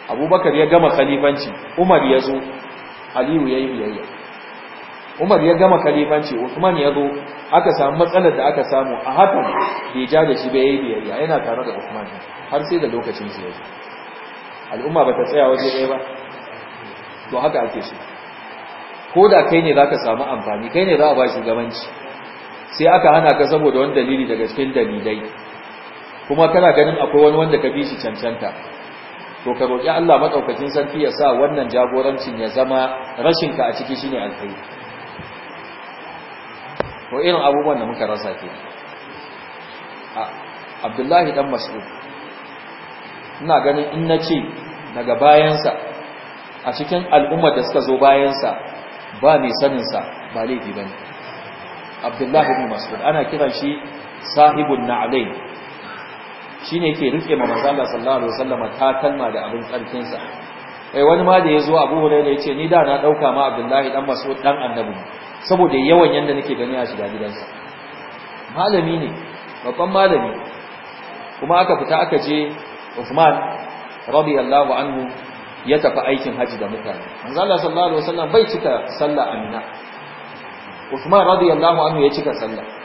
abubakar ya gama khalifanci umar ya zo aliyu yayi biyayya umar ya gama khalifanci usman ya zo aka samu matsalar da aka samu a hakan bai ja da shi ba yayi biyayya yana tare da usman har sai da lokacin shi yayi al'umma bata tsaya waje ɗaya ba to haka ake shi. ko da kai ne zaka samu amfani kai ne za a ba shugabanci sai aka hana ka saboda wani dalili daga cikin dalilai kuma kana ganin akwai wani wanda ka bi shi cancanta to ka roƙi Allah madaukakin sarki ya sa wannan jagorancin ya zama rashin ka a ciki shine alkhairi to irin abubuwan da muka rasa ke Abdullahi dan Mas'ud ina ganin in nace daga bayansa a cikin al'ummar da suka zo bayansa ba mai sanin sa ba laifi bane Abdullahi bin Mas'ud ana kiran shi sahibul na'alain Shi ne ke rike ma manzo Allah sallallahu alaihi wasallam takalma da abin tsarkin sa kai eh, wani ma da yazo Abu ya yace ni da na dauka ma Abdullahi dan Mas'ud dan Annabi saboda yawan yanda nake gani a shiga gidansa malami ne babban malami kuma aka fita aka je Uthman radiyallahu anhu ya tafi aikin haji da mutane manzo Allah sallallahu alaihi wasallam bai cika sallah amina Uthman radiyallahu anhu ya cika sallah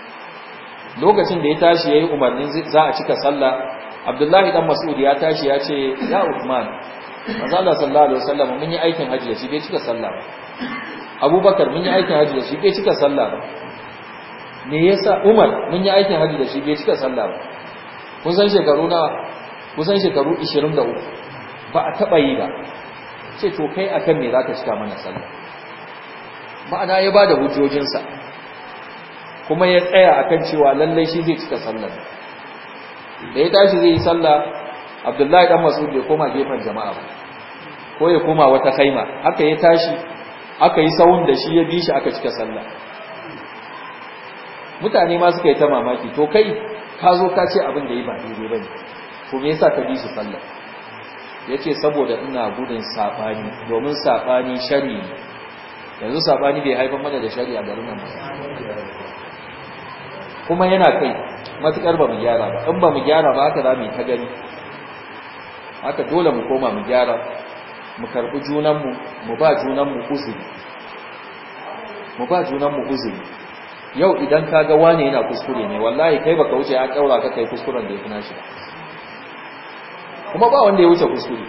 lokacin da ya tashi ya yi umarnin za a cika sallah Abdullahi dan Mas'ud ya tashi ya ce ya Uthman manzo Allah sallallahu alaihi wasallam mun yi aikin hajji da shi bai cika sallah ba Abubakar mun yi aikin hajji da shi bai cika sallah ba me yasa Umar mun yi aikin hajji da shi bai cika sallah ba kun san shekaru na kun san shekaru 23 ba a taba yi ba ce to kai akan me zaka cika mana sallah ma'ana ya bada hujjojinsa kuma ya tsaya akan cewa lallai shi zai cika sallar da ya tashi zai yi sallah abdullahi dan masu bai koma gefen jama'a ba ko ya koma wata kaima haka ya tashi aka yi sawun da shi ya bi shi aka cika sallar. mutane ma suka yi ta mamaki to kai ka zo ka ce abin da yi ba daidai ne, ko me yasa ka bi shi Ya ce saboda ina gudun sabani domin sabani shari yanzu sabani bai haifar mana da shari a garin nan ba kuma yana kai matukar ba mu gyara ba in ba mu gyara ba haka za mu yi ta gani haka dole mu koma mu gyara mu karbi junanmu mu ba junanmu uzuri mu ba junanmu uzuri yau idan ka ga wane yana kuskure ne wallahi kai baka wuce ya kaura ka kai kuskuren da ya fina shi kuma ba wanda ya wuce kuskure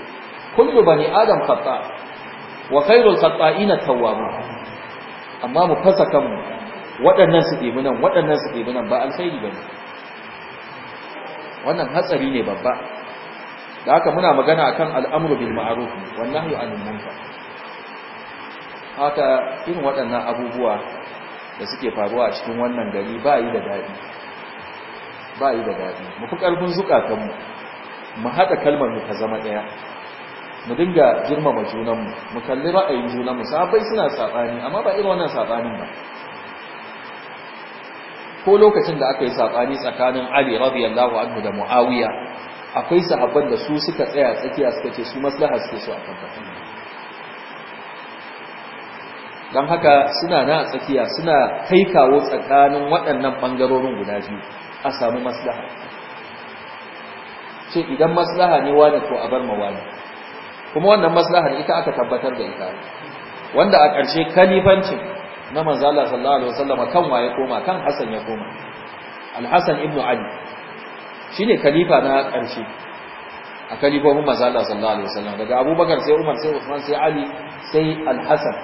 kullu bani adam khata wa khairul khata'ina tawwabun amma mu fasa kanmu waɗannan su ɗebi nan waɗannan su ɗebi nan ba alkhairi ba ne wannan hatsari ne babba da haka muna magana a kan al'amru ma'arufi, wannan wan nahyu anil ka haka irin waɗannan abubuwa da suke faruwa a cikin wannan gari ba yi da daɗi ba yi da daɗi mu fi ƙarfin zukatanmu mu haɗa kalmar mu ta zama ɗaya mu dinga girmama junanmu mu kalli ra'ayin junanmu sabai suna saɓani amma ba irin wannan saɓanin ba ko lokacin da aka yi sabani tsakanin Ali radiyallahu anhu da Muawiya akwai sahabban da su suka tsaya tsakiya suka ce su maslaha suke so a kan dan haka suna na tsakiya suna kai kawo tsakanin waɗannan bangarorin guda biyu a samu maslaha ce idan maslaha ne wani ko a bar ma wani kuma wannan maslahar ita aka tabbatar da ita wanda a ƙarshe kalifancin na manzo Allah sallallahu alaihi wasallam kan waye koma kan Hassan ya koma Al-Hasan ibn Ali shine khalifa na ƙarshe a kalifofin manzo Allah sallallahu alaihi wasallam daga Abubakar sai Umar sai Uthman sai Ali sai Al-Hasan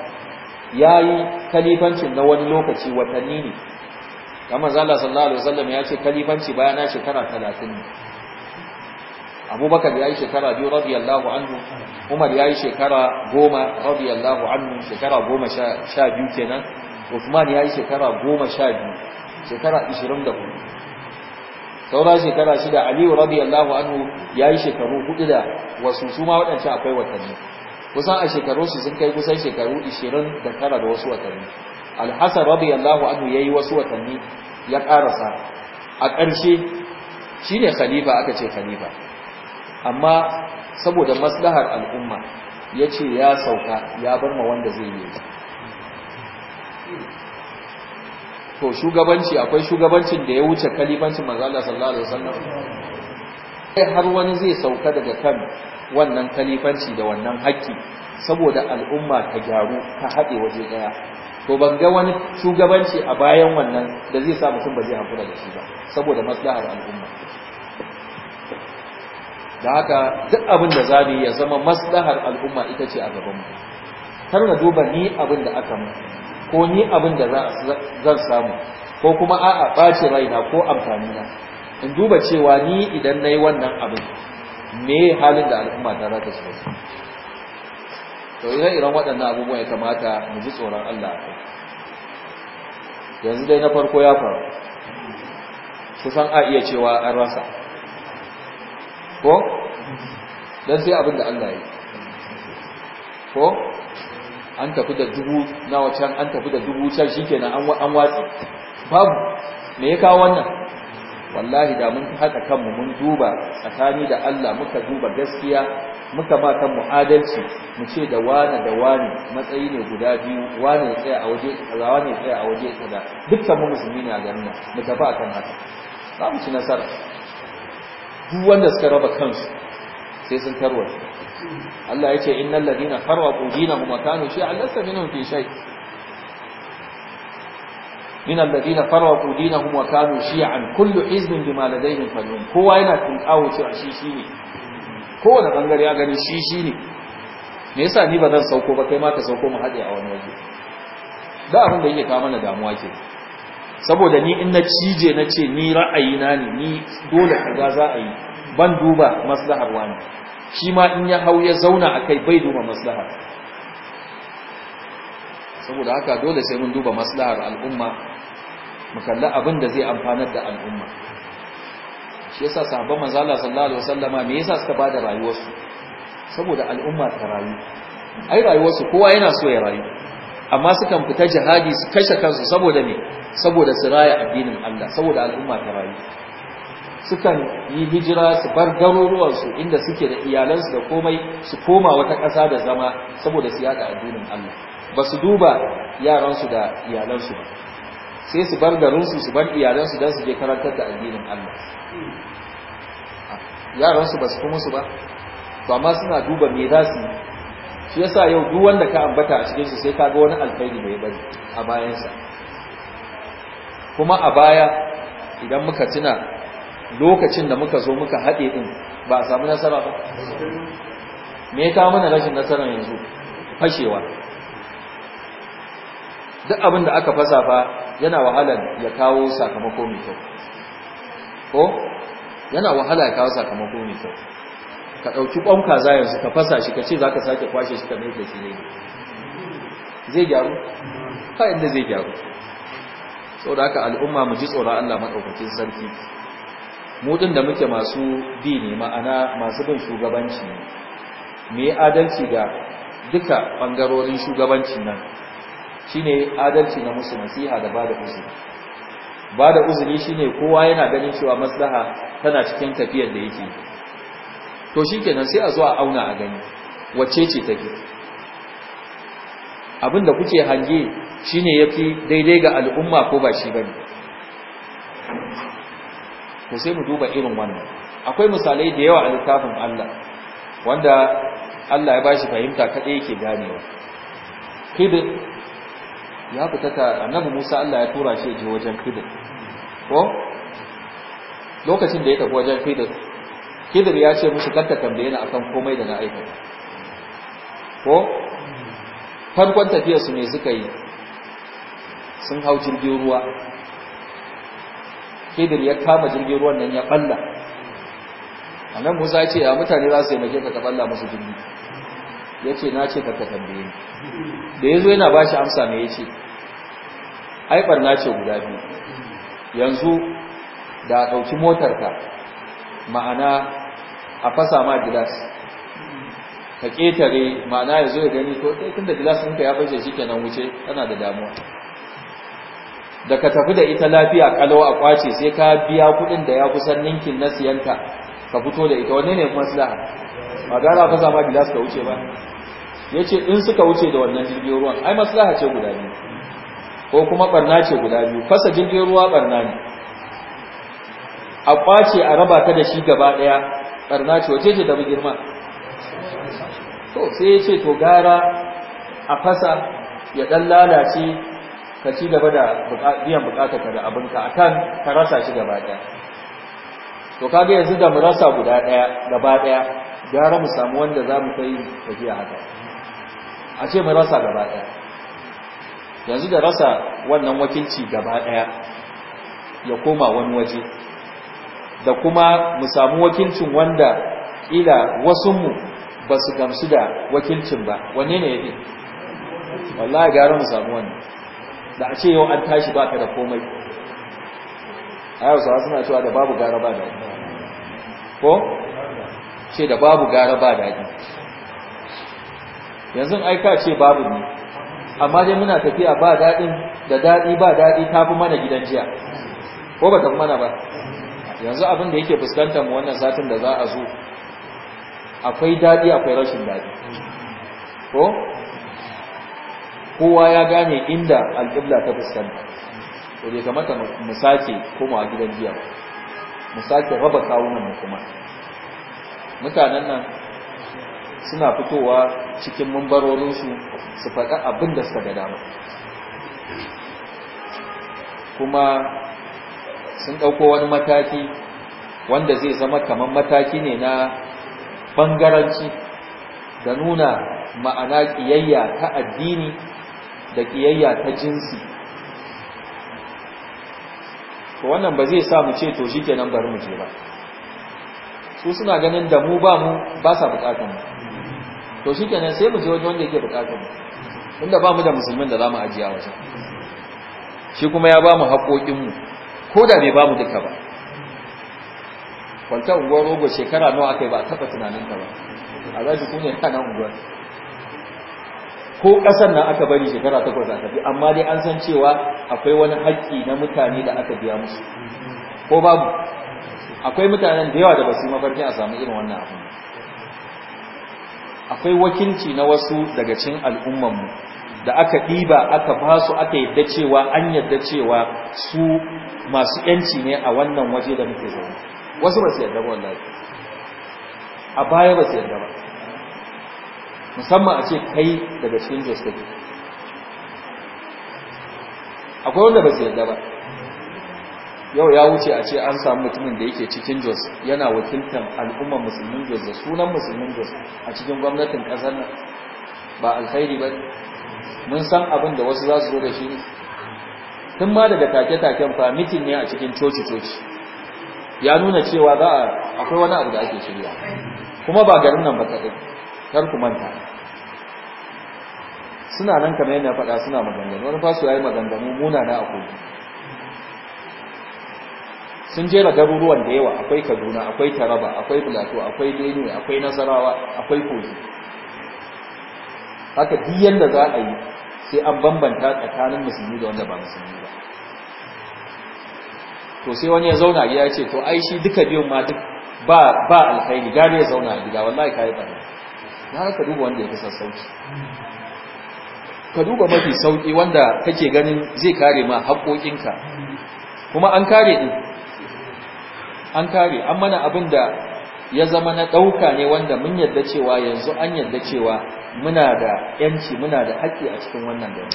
yayi khalifancin na wani lokaci watanni ne kamar manzo Allah sallallahu alaihi wasallam ya ce khalifanci bayan shekara 30 ne abubakar ya yi shekara biyu radiyallahu anhu umar ya yi shekara goma radiyallahu anhu shekara goma sha biyu kenan usman ya yi shekara goma sha biyu shekara ishirin da hudu saura shekara shida aliyu radiyallahu anhu ya yi shekaru hudu da wasu su ma waɗancan akwai watanni kusan a shekaru su sun kai kusan shekaru ishirin da tara da wasu watanni alhassan radiyallahu anhu ya yi wasu watanni ya ƙarasa a ƙarshe shi ne khalifa aka ce khalifa amma saboda maslahar al'umma ya ce ya sauka ya bar ma wanda zai yi to shugabanci akwai shugabancin da ya wuce kalibancin manzala sallallahu alaihi wasallam sai har wani zai sauka daga kan wannan kalifanci da wannan haƙƙi saboda al'umma ta gyaru ta haɗe waje ɗaya to ban ga wani shugabanci a bayan wannan da zai sa mutum ba zai haƙura da shi ba saboda maslahar al'umma da haka duk abin da zamu ya zama maslahar al'umma ita ce a gaban mu kar na duba ni abin da aka mun, ko ni abin da zan samu ko kuma a'a ɓace raina ko amfani in duba cewa ni idan nayi wannan abin me halin da al'umma ta zata shiga to ire iren waɗannan abubuwa ya kamata mu ji tsoron Allah yanzu dai na farko ya faru kusan a iya cewa an rasa ko don sai abin da Allah yi ko an tafi da dubu na wacan an tafi da dubu can shi kenan an watsi babu me ya kawo wannan wallahi da mun haɗa kanmu mun duba tsakani da Allah muka duba gaskiya muka ba kanmu adalci mu ce da wane da wane matsayi ne guda biyu wane ya tsaya a waje kaza wane ya tsaya a waje kaza dukkan mu musulmi ne a garin mu tafi akan haka za ci nasara duk wanda suka raba kansu sai sun tarwaje Allah ya ce innal ladina farraqu dinahum wa kanu shi'a lasta minhum fi shay min alladina farraqu dinahum wa kanu shi'an kullu hizbin bima ladayhim farihun kowa yana tunkawo cewa shi shine kowane bangare ya gani shi shine me yasa ni ba sauko ba kai ma ka sauko mu haɗe a wani waje da abin da yake kawo mana damuwa ke saboda ni in na cije na ce ni ra'ayina ne ni dole kaza za a yi ban duba maslahar wani shi ma in ya hau ya zauna a kai bai duba maslahar saboda haka dole sai mun duba maslahar al'umma mu kalli abin da zai amfanar da al'umma shi yasa sahabban manzala sallallahu alaihi wasallama me yasa suka bada rayuwarsu saboda al'umma ta rayu ai rayuwarsu kowa yana so ya rayu amma sukan fita jihadi su kashe kansu saboda me saboda su raya addinin Allah saboda al'umma ta rayu sukan yi hijira su bar garuruwansu inda suke da iyalansu da komai su koma wata ƙasa da zama saboda su yada addinin Allah ba su duba yaransu da iyalansu ba sai su bar garinsu su bar iyalansu don su je karantar da addinin Allah yaransu ba su kuma su ba to amma suna duba me za su shi yasa yau duk wanda ka ambata a cikinsu sai ka ga wani alkhairi mai bari a bayansa kuma a baya idan muka tuna lokacin da muka zo muka haɗe ɗin ba a sami nasara ba me ya kawo mana rashin nasara yanzu fashewa duk abin da aka fasa fa yana wahalar ya kawo sakamako mai kyau ko yana wahala ya kawo sakamako mai kyau ka ɗauki ƙwan za yanzu ka fasa shi ka ce za ka sake kwashe shi ka mai da shi ne zai gyaru ka inda zai gyaru da haka al'umma mu ji tsoron Allah madaukakin sarki mu din da muke masu bi ne ma'ana masu bin shugabanci ne mu adalci ga duka ɓangarorin shugabanci nan shine adalci na musu nasiha da bada uzuri bada uzuri shine kowa yana ganin cewa maslaha tana cikin tafiyar da yake to shikenan sai a zo a auna a gani wacce ce take abinda kuke hange Shi ne ya fi daidai ga al'umma ko ba shi ba ne. Ko sai mu duba irin wannan akwai misalai da yawa a littafin Allah wanda Allah ya bashi fahimta kaɗai yake ganewa kidin ya fita a annabi Musa Allah ya tura shi je wajen kidin ko lokacin da ya tafi wajen kidin kidin ya ce musu kanta tambaye ni akan komai da na aikata ko farkon tafiyarsu ne suka yi sun hau jirgin ruwa kedir ya kama jirgin ruwan nan ya balla nan musa ya ce ya mutane za su yi ka ka balla musu jirgi ya ce na ce ka tambaye ni da ya zo yana ba shi amsa mai ya ce aibar na ce guda biyu yanzu da a ɗauki motarka ma'ana a fasa ma gilas ka ƙetare ma'ana ya zo ya gani ko tun da gilas ɗinka ya fashe shi kenan wuce tana da damuwa da ka tafi da ita lafiya kalawa a kwace sai ka biya kuɗin da ya kusan ninkin na siyanta ka fito da ita wanne ne maslaha ba gara ka zama gilas ka wuce ba ya ce in suka wuce da wannan jirgin ruwan ai maslaha ce guda biyu ko kuma barna ce guda biyu fasa jirgin ruwa barna ne a kwace a raba ta da shi gaba ɗaya barna ce wace ce da mu girma to sai ya ce to gara a fasa ya ɗan lalace ka ci gaba da biyan bukatarka da abinka kan ka rasa shi gaba daya to kaga yanzu da mu rasa guda daya gaba daya gara mu samu wanda za mu kai tafiya haka a ce mu rasa gaba daya yanzu da rasa wannan wakilci gaba daya ya koma wani waje da kuma mu samu wakilcin wanda ila wasunmu ba su gamsu da wakilcin ba wanne ne ya yake wallahi gara mu samu wannan da a ce yau an tashi baka da komai a yau sa suna cewa da babu gara ba daɗi ko ce da babu gara ba daɗi yanzu aika ce babu ne amma dai muna tafiya ba daɗin da daɗi ba daɗi ta fi mana gidan jiya ko ba ta fi mana ba yanzu abin da yake fuskantar mu wannan satin da za a zo akwai daɗi akwai rashin daɗi ko kowa ya gane inda alƙibla ta fuskanta to bai kamata mu sake komawa gidan jiya musace mu sake raba kawunan mu kuma mutanen nan suna fitowa cikin mambarorinsu su faɗa abin da suka ga dama kuma sun ɗauko wani mataki wanda zai zama kamar mataki ne na bangaranci da nuna ma'ana ƙiyayya ta addini da ƙiyayya ta jinsi to wannan ba zai sa mu ce to shi kenan bari mu je ba su suna ganin da mu ba mu ba sa bukatun mu to shi kenan sai mu je wajen wanda yake bukatun mu inda ba mu da musulmin da za mu ajiya wajen shi kuma ya ba mu haƙoƙinmu ko da bai ba mu duka ba kwanta unguwar rogo shekara nawa aka yi ba a taɓa tunaninka ba a za shi kuna yana unguwar ko ƙasar nan aka bari shekara takwas a tafi amma dai an san cewa akwai wani haƙƙi na mutane da aka biya musu ko babu akwai mutanen da yawa da basu su yi mafarkin a samu irin wannan abu akwai wakilci na wasu daga cikin mu da aka ɗiba aka ba aka yadda cewa an yadda cewa su masu ‘yanci ne a wannan waje da muke zaune wasu ba su yadda ba wallahi a baya ba su yadda ba musamman a ce kai daga cikin jos akwai wanda ba su yarda ba yau ya wuce a ce an samu mutumin da yake cikin jos yana wakiltar al'ummar musulmin jos da sunan musulmin jos a cikin gwamnatin kasar nan ba alkhairi ba mun san abin da wasu za su zo da shi ne tun ma daga take-taken fa mitin ne a cikin coci-coci ya nuna cewa za a akwai wani abu da ake shirya kuma ba garin nan ba kaɗai Karku ku manta suna nan kamar yana faɗa suna maganganu wani fasu ya yi maganganu muna a akwai sun jera garuruwan da yawa akwai kaduna akwai taraba akwai bulato akwai benue akwai nasarawa akwai kogi haka biyan da za a yi sai an bambanta tsakanin musulmi da wanda ba musulmi ba to sai wani ya zauna gida ya ce to ai shi duka biyun ma duk ba alkhairi gari ya zauna a gida wallahi ka yi ɓarna ka duba wanda ya fi ka duba mafi sauki wanda kake ganin zai kare ma haƙoƙinka kuma an kare ɗin an kare an mana abin da ya zama na ɗauka ne wanda mun yadda cewa yanzu an yadda cewa muna da ‘yanci muna da haƙƙi a cikin wannan gari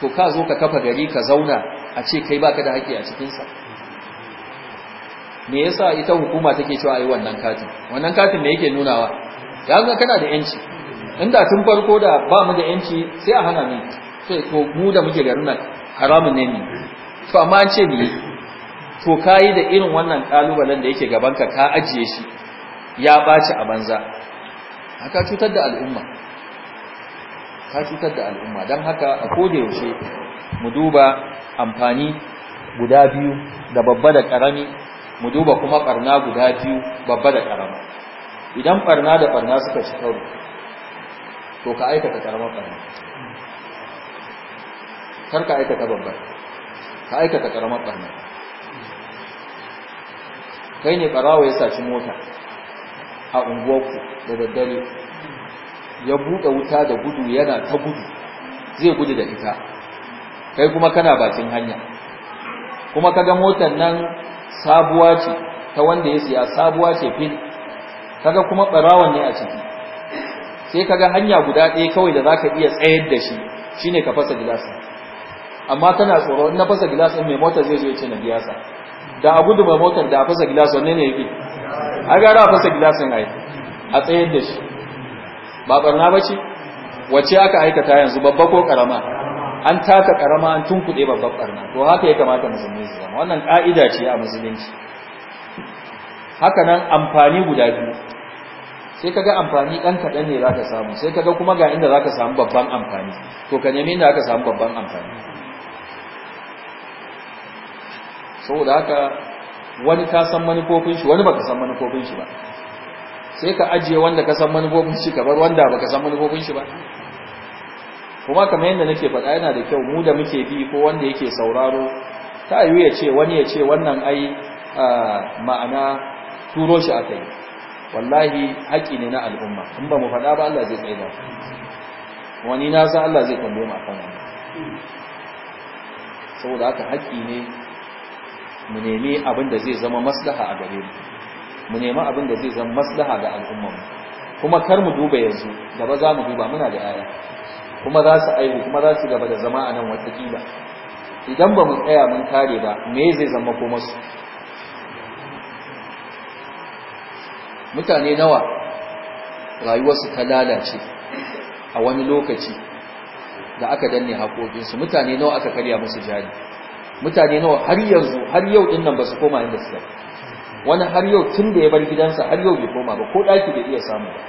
to ka zo ka kafa gari ka zauna a ce kai ba ka da haƙƙi a cikinsa me yasa ita hukuma take cewa yi wannan katin wannan katin me yake nunawa ya ga kana da yanci inda tun farko da ba mu da yanci sai a hana mu sai to mu da muke garin nan haramun ne ne to amma an ce ni to kai da irin wannan kalubalen da yake gaban ka ka ajiye shi ya baci a banza haka cutar da al'umma ka cutar da al'umma don haka a koda yaushe mu duba amfani guda biyu da babba da karami mu duba kuma karna guda biyu babba da karama idan barna da barna suka ci karo to ka aikata karamar barna kar ka aikata babbar ka aikata karamar barna kai ne barawa ya saci mota a unguwarku da daddare ya buɗe wuta da gudu yana ta gudu zai gudu da ita kai kuma kana bakin hanya kuma kaga motar nan sabuwa ce ta wanda ya siya sabuwa ce fil kaga kuma barawan ne a ciki sai kaga hanya guda ɗaya kawai da zaka iya tsayar da shi shine ka fasa gilasin amma kana tsoro in na fasa gilasin mai motar zai zo ya ce na biya sa da a gudu mai motar da a fasa gilasin ne ne yake a gara a fasa gilasin ai a tsayar da shi ba barna ba ce? wace aka aikata yanzu babba ko karama an taka karama an tunkuɗe babbar barna to haka ya kamata musulmi su zama wannan ƙa'ida ce a musulunci haka nan amfani guda biyu sai kaga amfani ɗan kaɗan ne za ka samu sai kaga kuma ga inda za ka samu babban amfani to ka nemi inda ka samu babban amfani saboda haka wani ka san manufofin shi wani baka san manufofin shi ba sai ka ajiye wanda ka san manufofin shi ka bar wanda baka san manufofin shi ba kuma kamar yadda nake faɗa yana da kyau mu da muke bi ko wanda yake sauraro ta yiwu ya ce wani ya ce wannan ai ah, ma'ana turo shi aka yi wallahi haƙi ne na al'umma in ba mu faɗa ba Allah zai tsaye da wani na san Allah zai tambaye mu akan wannan saboda haka haƙi ne mu nemi abin da zai zama maslaha a gare mu mu nemi abin da zai zama maslaha ga al'umma mu kuma kar mu duba yanzu gaba za mu duba muna da yaya kuma za su aihu kuma za su gaba da zama a nan watakila idan ba mu tsaya mun kare ba me zai zama ko masu mutane nawa rayuwarsu ta lalace a wani lokaci da aka danne haƙoƙinsu mutane nawa aka karya musu jari mutane nawa har yanzu har yau din nan ba su koma inda suke wani har yau tun da ya bar gidansa har yau bai koma ba ko ɗaki bai iya samu ba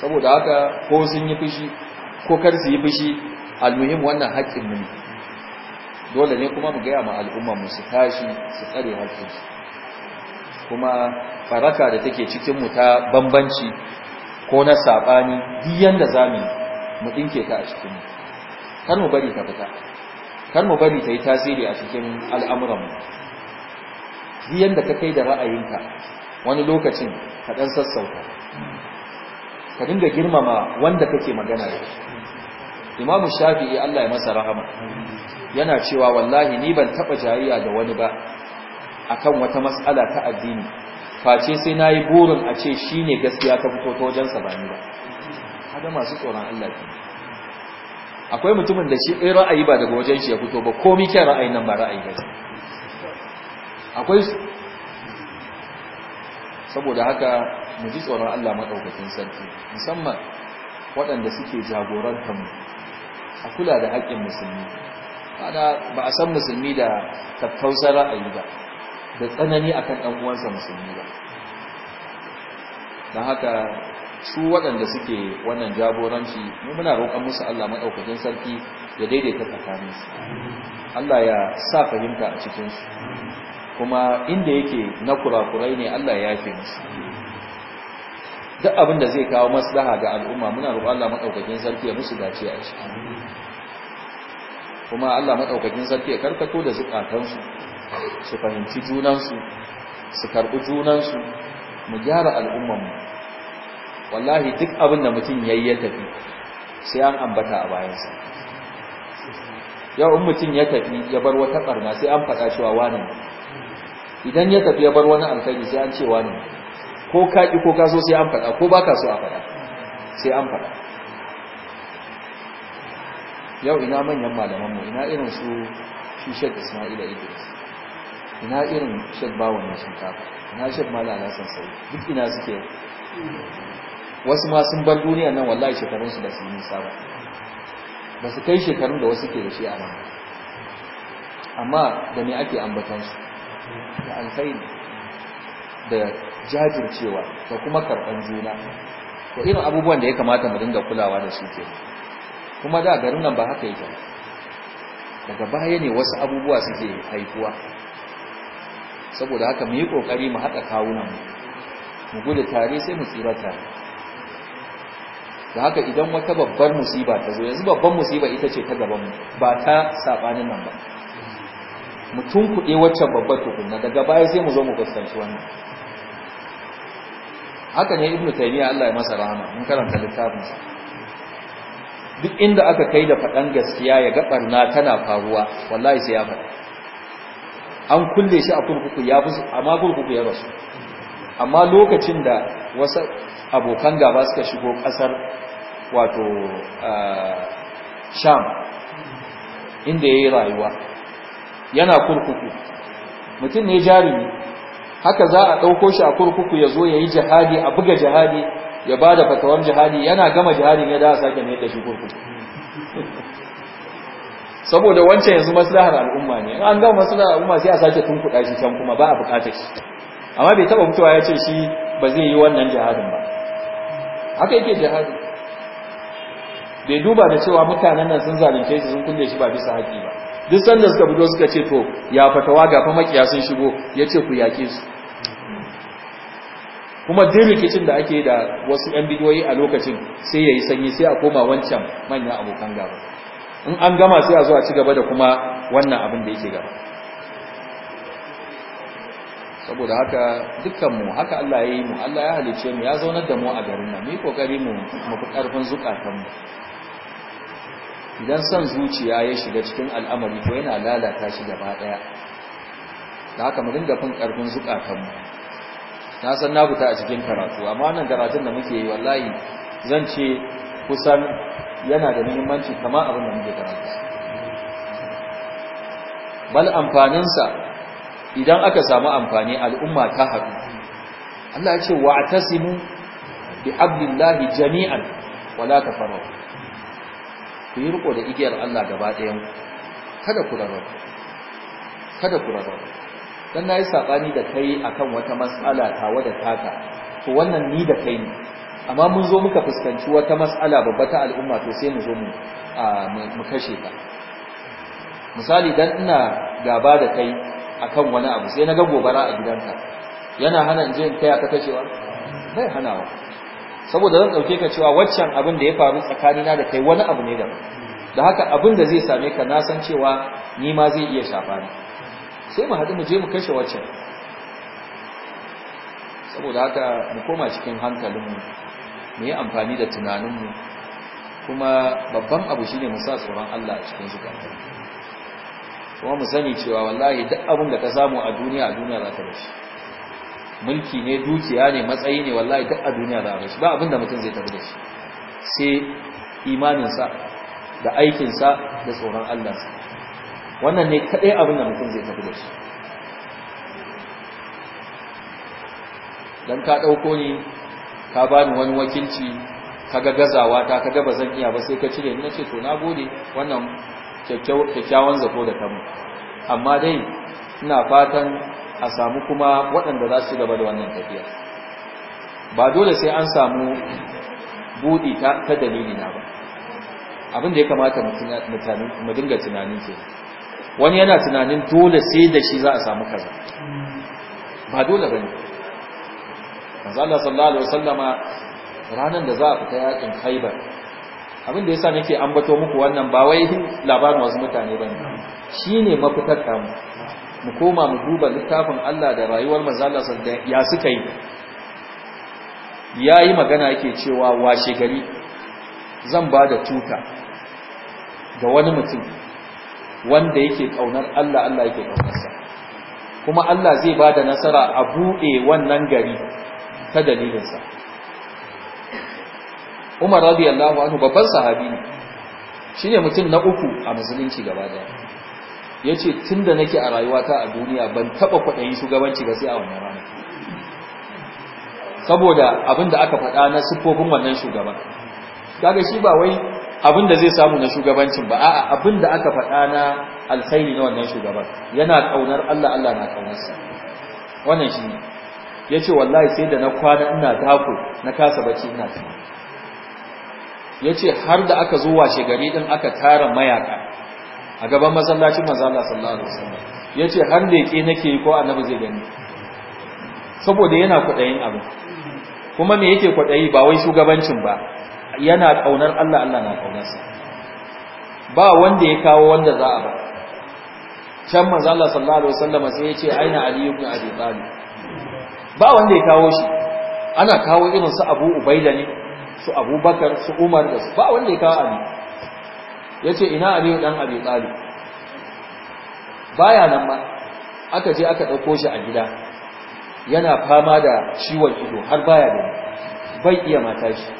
saboda haka ko sun yi fushi ko kar su yi fushi almuhim wannan haƙƙin mu ne dole ne kuma mu gaya ma al'umma mu su tashi su tsare haƙƙinsu kuma faraka da take cikinmu ta bambanci ko na saɓani biyan da za mu mu ta a cikinmu kar mu bari ta fita kar mu bari ta yi tasiri a cikin al'amuranmu Biyan da ka kai da ra'ayinka wani lokacin ka ɗan sassauta ka dinga girmama wanda kake magana da shi imamu shafi'i Allah ya masa rahama yana cewa wallahi ni ban taɓa jariya da wani ba akan wata matsala ta addini face sai na yi burin a ce shi ne gaskiya ta fito ta wajensa ba ni ba haɗa masu tsoron Allah ke akwai mutumin da shi ɗaya ra'ayi ba daga wajen shi ya fito ba komi kyan ra'ayi nan ba ra'ayi ba akwai saboda haka mu ji tsoron Allah maɗaukakin sarki musamman waɗanda suke jagorantar mu a kula da haƙƙin musulmi ba a san musulmi da tattausar ra'ayi ba da tsanani akan ɗan uwansa musulmi ba don haka su waɗanda suke wannan jagoranci mu muna roƙon musu Allah maɗaukakin sarki ya daidaita tsakaninsu Allah ya sa fahimta a cikinsu kuma inda yake na kurakurai ne Allah ya yafe musu duk abin da zai kawo maslaha ga al'umma muna roƙon Allah maɗaukakin sarki ya musu dace a ciki kuma Allah maɗaukakin sarki ya karkato da zukatansu su fahimci junansu su karɓi junansu mu gyara al'ummanmu wallahi duk abin da mutum ya yi ya tafi sai an ambata a bayansa yau in mutum ya tafi ya bar wata ɓarna sai an faɗa cewa wani idan ya tafi ya bar wani alƙali sai an ce wani ko kaƙi ko kaso sai an faɗa ko ba ka so a faɗa sai an faɗa yau ina manyan malamanmu ina irin su shi shek ismaila idris ina irin shek bawon na shinkafa ina shek mala san sai duk ina suke wasu ma sun bar duniya nan wallahi shekarunsu da su yi nisa ba ba su kai shekarun da wasu ke da shi a nan amma da me ake ambatansu da alkhairi da jajircewa da kuma karban juna to irin abubuwan da ya kamata mu dinga kulawa da su ke kuma da garin nan ba haka yake daga baya ne wasu abubuwa suke haifuwa saboda haka mu yi kokari mu haɗa kawunan mu gudu tare sai mu tsira tare da haka idan wata babbar musiba ta zo yanzu babban musiba ita ce ta gaban mu ba ta sabanin nan ba mu tunkuɗe waccan babbar tukunna daga baya sai mu zo mu fuskanci wannan haka ne ibnu taymiya Allah ya masa rahama mun karanta littafin sa duk inda aka kai da faɗan gaskiya ya ga barna tana faruwa wallahi sai ya faɗa an kulle shi a kurkuku ya fi amma kurkuku ya rasu amma lokacin da wasu abokan gaba suka shigo kasar wato sham inda ya yi rayuwa yana kurkuku mutum ne jarumi haka za a ɗauko shi a kurkuku ya zo ya yi jihadi a buga jihadi ya ba da fatawar jihadi yana gama jihadin ya da sake ne da shi kurkuku saboda wancan yanzu maslahar al'umma ne an gama maslahar al'umma sai a sake tunkuɗa shi can kuma ba a buƙatar shi amma bai taɓa mutuwa ya ce shi ba zai yi wannan jihadin ba haka yake jihadin bai duba da cewa mutanen nan sun zalunce shi sun kulle shi ba bisa haƙi ba duk sanda suka fito suka ce to ya fatawa ga fa makiya sun shigo ya ce ku yaƙe su kuma duk rikicin da ake da wasu 'yan bidiyoyi a lokacin sai ya yi sanyi sai a koma wancan manyan abokan gaba in an gama sai a zo a ci gaba da kuma wannan abin da yake gaba saboda haka dukkanmu haka Allah ya yi mu Allah ya halice mu ya zaunar da mu a garin nan mu yi kokari mu fi karfin zukatanmu idan son zuciya ya shiga cikin al'amari to yana lalata shi gaba daya da haka mu dinga fin karfin zukatanmu na san na fita a cikin karatu amma wannan karatun da muke yi wallahi zan ce kusan yana da muhimmanci kama abin da muke karanta bal amfaninsa idan aka samu amfani al'umma ta haɗu Allah ya ce atasimu bi abdillahi jami'an wala faru. ku yi riko da igiyar Allah gaba ɗayan kada ku rarrabu kada ku rarrabu dan nayi sabani da kai akan wata matsala tawa da taka to wannan ni da kai ne amma mun zo muka fuskanci wata matsala babba ta al'umma to sai mu zo mu kashe ta misali dan ina gaba da kai akan wani abu sai na ga gobara a gidanka yana hana in je in kai aka kashewa bai hanawa saboda zan dauke ka cewa waccan abin da ya faru tsakanina da kai wani abu ne da da haka abin da zai same ka na san cewa ni ma zai iya shafa ni sai mu haɗu mu je mu kashe waccan saboda haka mu koma cikin hankalinmu mu yi amfani da tunaninmu kuma babban abu shine mu sa tsoron Allah a cikin zukatan kuma mu sani cewa wallahi duk abin da ka samu a duniya a duniya za ta shi. mulki ne dukiya ne matsayi ne wallahi duk a duniya za a shi. ba abin da mutum zai tafi da shi sai imaninsa da aikinsa da tsoron Allahnsa wannan ne kadai abin da mutum zai tafi da shi Don ka ɗauko ni ka bani wani wakilci ka ga gazawa ta ka ba zan iya ba sai ka cire ni ce to na gode wannan kyakkyawan zato da kamu amma dai ina fatan a samu kuma waɗanda za su gaba da wannan tafiya ba dole sai an samu buɗi ta dalilina ba abin da ya kamata mu dinga tunanin ke wani yana tunanin dole sai da shi za a samu kaza ba dole ba ne manzo Allah sallallahu alaihi wasallama ranan da za a fita yakin Khaibar abin da yasa nake ambato muku wannan ba wai labarin wasu mutane bane shine mafitar da mu mu koma mu duba littafin Allah da rayuwar manzo Allah ya suka yi yayi magana yake cewa washe gari zan ba da tuta ga wani mutum wanda yake kaunar Allah Allah yake kaunarsa kuma Allah zai ba da nasara a buɗe wannan gari ta dalilinsa umar radiyallahu anhu babban sahabi ne shine mutum na uku a musulunci gaba daya yace tunda nake a rayuwata a duniya ban taba kwaɗayin shugabanci ba sai a wannan rana saboda abinda aka faɗa na siffofin wannan shugaban kaga shi ba wai abinda zai samu na shugabancin ba a'a abinda aka faɗa na alkhairi na wannan shugaban yana kaunar Allah Allah na ƙaunarsa. wannan ne. ya ce wallahi sai da na kwana ina dafu na kasa bacci ina ci ya ce har da aka zuwa shigari din aka tara mayaka a gaban masallacin mazala sallallahu alaihi wasallam ya ce har da yake nake yi ko annabi zai gani saboda yana kudayin abin kuma me yake kwaɗayi ba wai shugabancin ba yana ƙaunar Allah Allah na ƙaunarsa ba wanda ya kawo wanda za a ba can manzo Allah sallallahu alaihi wasallam sai ya ce aina ali ibn abi talib ba wanda ya kawo shi ana kawo irin su abu ubaida ne su abubakar su umar da su ba wanda ya kawo ali ya ce ina ali dan abi tsari? baya nan ma aka je aka ɗauko shi a gida yana fama da ciwon ido har baya da bai iya mata shi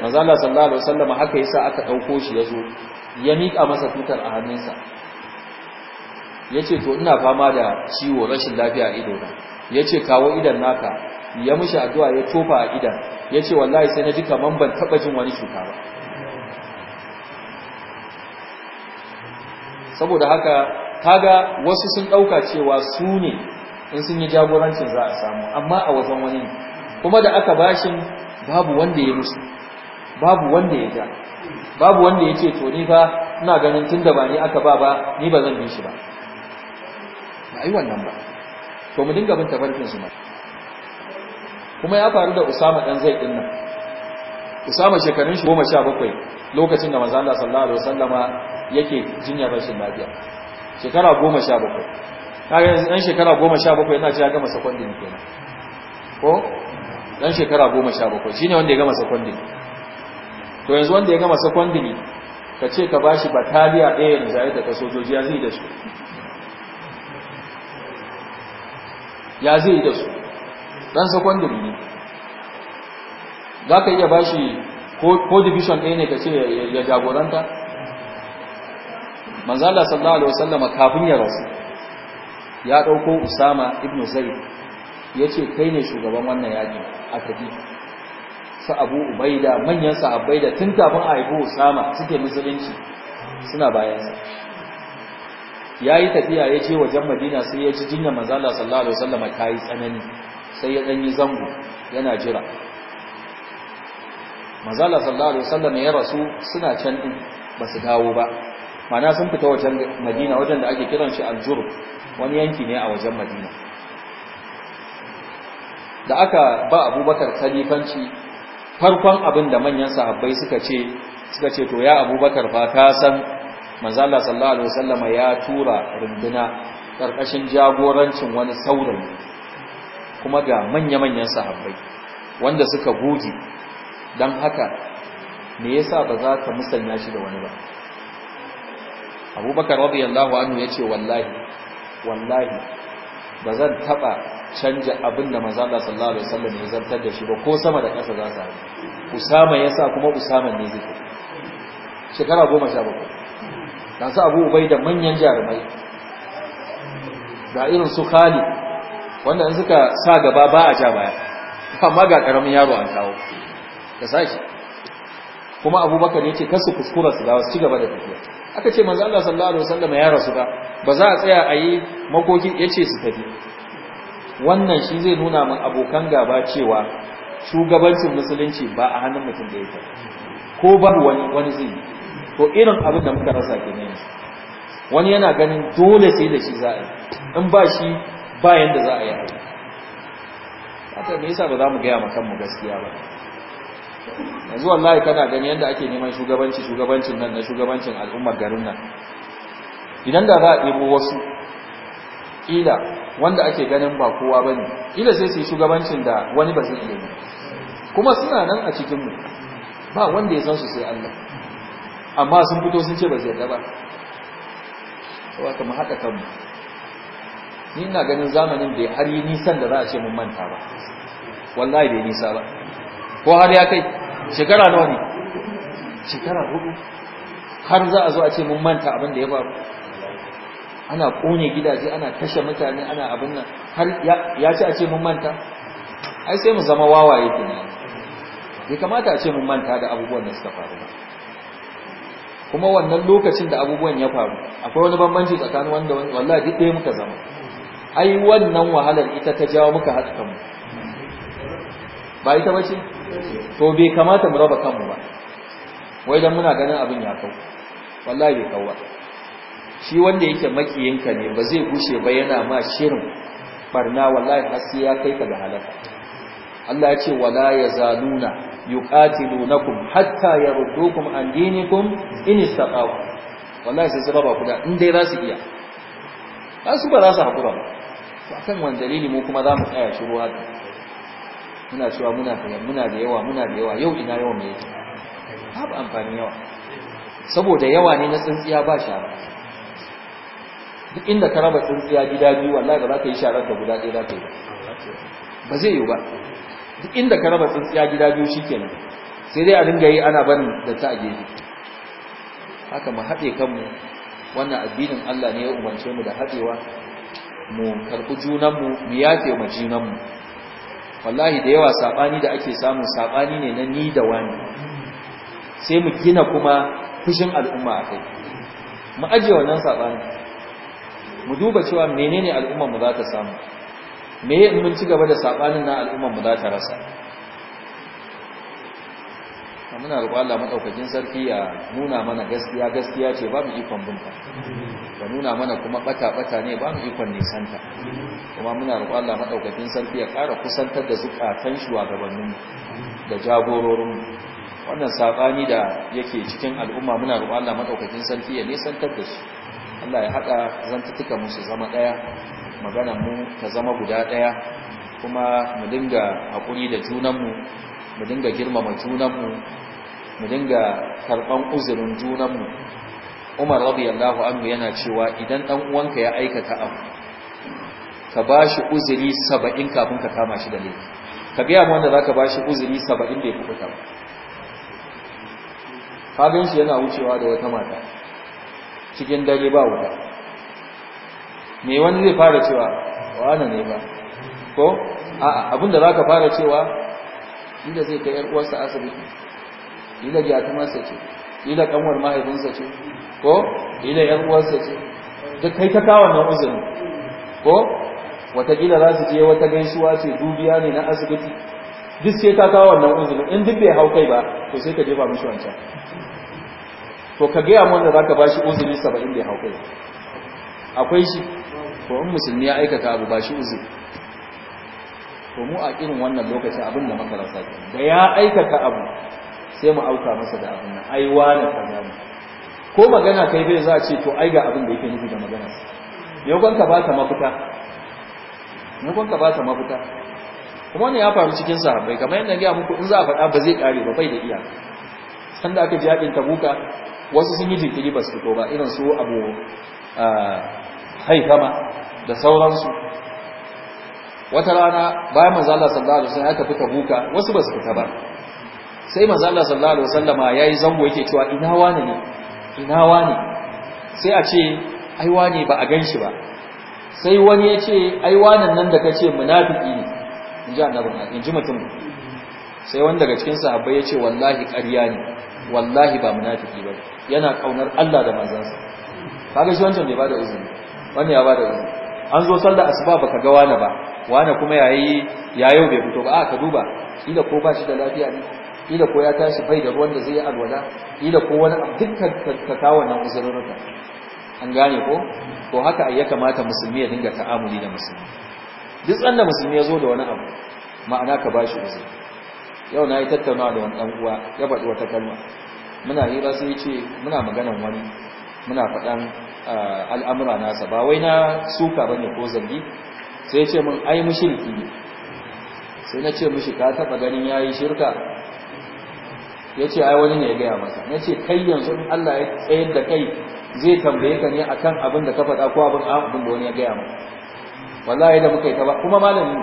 manzo Allah sallallahu alaihi wasallam haka yasa aka ɗauko shi zo ya mika masa tutar a hannunsa ce to ina fama da ciwo rashin lafiya ido na ya ce kawo idan naka ya mushi addu'a ya tofa a idan ya ce wallahi sai na ji kaman ban taɓa jin wani cuta ba saboda haka kaga wasu sun ɗauka cewa su ne in sun yi jagorancin za a samu amma a wajen wani kuma da aka bashin babu wanda ya musu babu wanda ya ja babu wanda ya ce to ni fa ina ganin tun da ba ni aka ba ba ni ba zan bi shi ba ba yi wannan ba to mu dinga bin tafarkin su ma kuma ya faru da Usama dan Zaid din nan Usama shekarun shi 17 lokacin da manzo Allah sallallahu alaihi wasallama yake jinyar rashin lafiya shekara 17 kaga yanzu dan shekara 17 yana ji ya gama secondary kenan ko dan shekara 17 shine wanda ya gama secondary to yanzu wanda ya gama secondary ka ce ka bashi bataliya ɗaya yanzu ya ta sojoji ya zai da su ya zai yi da su ɗan secondary ne za ka iya ba shi ko division ɗaya ne ka ce ya jagoranta manzala sallallahu alaihi wasallama kafin ya rasu ya ɗauko usama ibn zaid ya ce kai ne shugaban wannan yaji a tafi su abu ubaida manyan sahabbai da tun kafin a haifu usama suke musulunci suna bayansa Ya yi tafiya ya je wajen Madina sai ya ji jinya manzo Allah sallallahu alaihi wasallam ta yi tsanani sai ya dan zango yana jira manzo Allah sallallahu alaihi wasallam ya rasu suna can din ba su dawo ba mana sun fita wajen Madina wajen da ake kiran shi Al-Jurb wani yanki ne a wajen Madina da aka ba Abubakar khalifanci farkon abin da manyan sahabbai suka ce suka ce to ya Abubakar fa ta san manzala sallallahu alaihi wasallam ya tura runduna karkashin jagorancin wani saurayi kuma ga manya-manyan sahabbai wanda suka goge don haka me yasa ba za ka musanya shi da wani ba abubakar radiyallahu anhu ya ce wallahi wallahi ba zan taɓa canja abin da manzala sallallahu alaihi wasallam ya zartar da shi ba ko sama da ƙasa za su haɗu usama yasa kuma usama ne zai shekara goma sha bakwai ga su abu bai da manyan jarumai ga irin su khali wanda in suka sa gaba ba a ja baya amma ga karamin yaro an kawo ka sashi kuma abubakar ya ce kasu kuskura su ga su ci gaba da tafiya aka ce manzo Allah sallallahu alaihi wasallam ya rasu ba ba za a tsaya a yi makoki yace su tafi wannan shi zai nuna min abokan gaba cewa shugabancin musulunci ba a hannun mutum da yake ko ba wani wani zai to irin abin da muka rasa ke wani yana ganin dole sai da shi za a yi in ba shi ba yanda za a yi abu me yasa ba za mu gaya ma kanmu gaskiya ba yanzu wallahi kana gani yanda ake neman shugabanci shugabancin nan na shugabancin al'ummar garin nan idan da za a ɗebo wasu ƙila wanda ake ganin ba kowa ba ne ƙila sai su yi shugabancin da wani ba zai iya yi kuma suna nan a cikinmu ba wanda ya san su sai Allah amma sun fito sun ce ba zai da ba sau haɗa kanmu ni na ganin zamanin bai har yi nisan da za a ce mun manta ba wallahi bai nisa ba ko har ya kai shekara nawa ne shekara hudu har za a zo a ce mun manta abin da ya faru ana kone gidaje ana kashe mutane ana abin nan har ya ce a ce mun manta ai sai mu zama wawaye tunani, bai kamata a ce mun manta da abubuwan da suka faru ba kuma wannan lokacin da abubuwan ya faru akwai wani bambanci tsakanin wanda wallahi duk ɗaya muka zama ai wannan wahalar ita ta jawo muka haɗa mu. ba ita ba ce to bai kamata mu raba kanmu ba wai dan muna ganin abin ya kau wallahi bai kau ba shi wanda yake makiyinka ne ba zai gushe ba yana ma shirin barna wallahi har sai ya kai ka ga halaka Allah ya ce wala yazaluna yuqatilunakum hatta yaruddukum an dinikum in istaqaw wallahi sai zaba ku da in dai za su iya dan su ba za su hakura ba kan wani dalili mu kuma za mu tsaya shiru haka muna cewa muna da muna da yawa muna da yawa yau ina yawan mai babu amfani yawa saboda yawa ne na tsintsiya ba shara duk inda ka raba tsintsiya gida biyu wallahi ba za ka yi sharar da guda ɗaya za ka yi ba zai yi ba duk inda ka raba tsintsiya gida biyu shikenan sai dai a dinga yi ana barin da ta a gefe haka mu haɗe kanmu wannan addinin Allah ne ya umarce mu da haɗewa mu karɓi junanmu mu yafe ma junanmu wallahi da yawa saɓani da ake samu saɓani ne na ni da wani sai mu gina kuma fushin al'umma a kai mu ajiye wannan saɓani mu duba cewa menene al'ummar mu za ta samu me yi mun ci gaba da saɓanin na al'ummar mu za ta rasa muna roƙo Allah madaukakin sarki ya nuna mana gaskiya gaskiya ce ba mu ikon bunta. da nuna mana kuma bata bata ne ba mu ikon nisanta kuma muna roƙo Allah madaukakin sarki ya ƙara kusantar da zukatan shugabannin da jagororin wannan saɓani da yake cikin al'umma muna roƙo Allah madaukakin sarki ya nisantar da su Allah ya haɗa zantutuka musu zama ɗaya maganan mu ta zama guda ɗaya kuma mu dinga hakuri da junanmu mu dinga girmama junanmu mu dinga karɓan uzurin junanmu umar radiyallahu anhu yana cewa idan ɗan uwanka ya aikata abu ka bashi shi uzuri saba'in kafin ka kama shi da laifi ka biya wanda zaka ka ba shi uzuri 70 bai kuɓuta ba kagin shi yana wucewa da wata mata cikin dare ba wuta me wani zai fara cewa wane ne ba ko abinda za ka fara cewa ila zai kai yar uwarsa asibiti ila gyatumarsa ce ila kanwar mahaifinsa ce ko ila yar ce da kai ta kawo na uzuri ko watakila za su je wata gaisuwa ce dubiya ne na asibiti duk sai ka kawo wannan uzuri, in duk bai hau kai ba to sai ka jefa mishi wancan to ka gaya mun wanda za ka ba shi uzuri saba'in bai hau kai akwai shi ko in musulmi ya aikata abu ba shi uzu Ko mu a irin wannan lokacin abin da maka rasa da ya aikata abu sai mu auka masa da abin nan ai wani kaza ne ko magana kai bai za a ce to ai ga abin da yake nufi da magana ne kon ka ta mafita ne kon ka ta mafita kuma ne ya faru cikin sahabbai kamar yadda ga muku in za a faɗa ba zai kare ba bai da iyaka sanda aka ji yakin tabuka wasu sun yi jinkiri ba su fito ba irin su abu ah, haikama da sauransu wata rana bayan mazala sallallahu alaihi wasallam aka fita buka wasu ba su fita ba sai manzala sallallahu alaihi ya yayi zango yake cewa ina wani ne ina wani sai a ce ai wani ba a ganshi ba sai wani ya ce ai wani nan da kace munafiki ne in ji annabi in ji mutum sai wani daga cikin sahabba ya ce wallahi ƙarya ne wallahi ba munafiki ba yana kaunar Allah da manzansa kaga shi wancan bai bada izini wani ya ba wani an zo sallar asuba baka ga wani ba wani kuma yayi yayo bai fito ba a ka duba ila ko ba shi da lafiya ne ila ko ya tashi bai da ruwan da zai yi alwala ila ko wani dukkan ka wannan an gane ko to haka ai ya kamata musulmi ya dinga ta'amuli da musulmi duk sanda musulmi ya zo da wani abu ma'ana ka bashi uzuri yau na yi tattaunawa da wani ɗan uwa ya faɗi wata kalma muna hira sai ce muna maganan wani muna faɗan al'amura nasa ba wai na suka ba ne ko zambi sai ya ce mun ai mushriki ne sai na ce mushi ka taba ganin yayi shirka ya ce ai wani ne ya gaya masa na ce kai yanzu in Allah ya tsayar da kai zai tambaye ka ne akan abin da ka faɗa ko abin abin da wani ya gaya maka wallahi da muka yi ta ba kuma malami